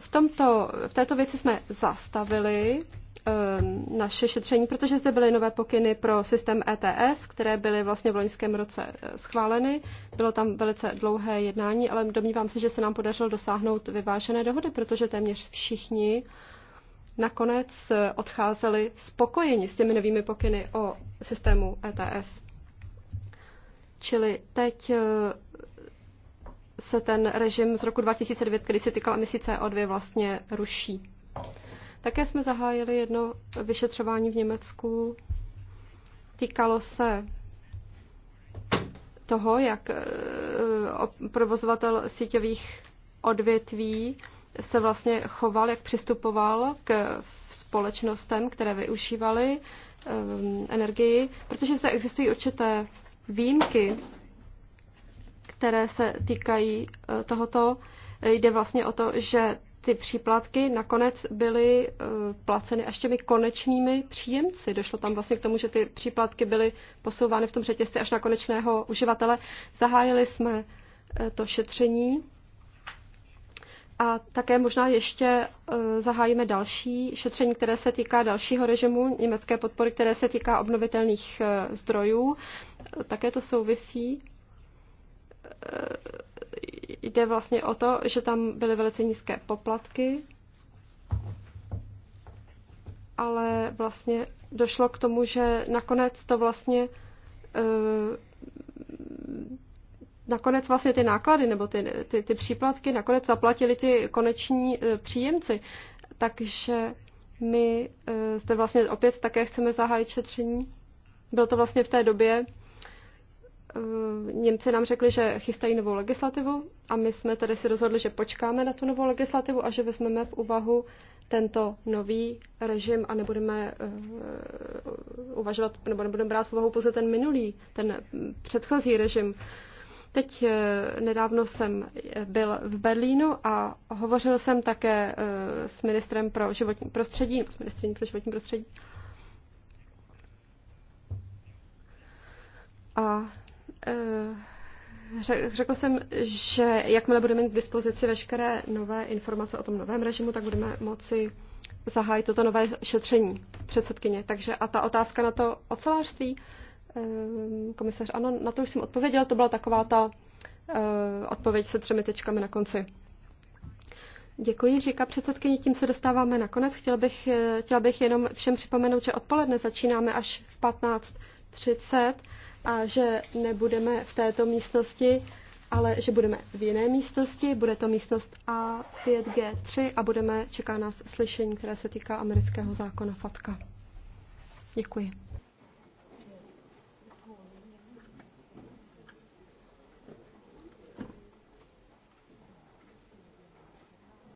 V, tomto, v této věci jsme zastavili Ehm, naše šetření, protože zde byly nové pokyny pro systém ETS, které byly vlastně v loňském roce eh, schváleny. Bylo tam velice dlouhé jednání, ale domnívám se, že se nám podařilo dosáhnout vyvážené dohody, protože téměř všichni nakonec eh, odcházeli spokojeni s těmi novými pokyny o systému ETS. Čili teď eh, se ten režim z roku 2009, který se týkal emisí CO2, vlastně ruší. Také jsme zahájili jedno vyšetřování v Německu. Týkalo se toho, jak eh, provozovatel síťových odvětví se vlastně choval, jak přistupoval k společnostem, které využívaly eh, energii, protože zde existují určité výjimky, které se týkají eh, tohoto. Jde vlastně o to, že ty příplatky nakonec byly eh, placeny až těmi konečnými příjemci. Došlo tam vlastně k tomu, že ty příplatky byly posouvány v tom řetězci až na konečného uživatele. Zahájili jsme eh, to šetření a také možná ještě eh, zahájíme další šetření, které se týká dalšího režimu německé podpory, které se týká obnovitelných zdrojů. Také to souvisí jde vlastně o to, že tam byly velice nízké poplatky, ale vlastně došlo k tomu, že nakonec to vlastně eh, nakonec vlastně ty náklady nebo ty, ty, ty příplatky nakonec zaplatili ty koneční eh, příjemci. Takže my eh, zde vlastně opět také chceme zahájit šetření. Bylo to vlastně v té době, Ehm, Němci nám řekli, že chystají novou legislativu a my jsme tedy si rozhodli, že počkáme na tu novou legislativu a že vezmeme v úvahu tento nový režim a nebudeme uh, uvažovat, nebo nebudeme brát v úvahu pouze ten minulý, ten předchozí režim. Teď eh, nedávno jsem eh, byl v Berlínu a hovořil jsem také s ministrem pro životní prostředí, nebo s ministrem pro životní prostředí. A Eh, řekl jsem, že jakmile budeme mít k dispozici veškeré nové informace o tom novém režimu, tak budeme moci zahájit toto nové šetření předsedkyně. Takže a ta otázka na to ocelářství, eh, komisař, ano, na to už jsem odpověděl, to byla taková ta eh, odpověď se třemi tečkami na konci. Děkuji, říká předsedkyně, tím se dostáváme na konec. Chtěl bych, chtěl bych jenom všem připomenout, že odpoledne začínáme až v 15.30 a že nebudeme v této místnosti, ale že budeme v jiné místnosti. Bude to místnost A5G3 a budeme, čeká nás slyšení, které se týká amerického zákona FATKA. Děkuji.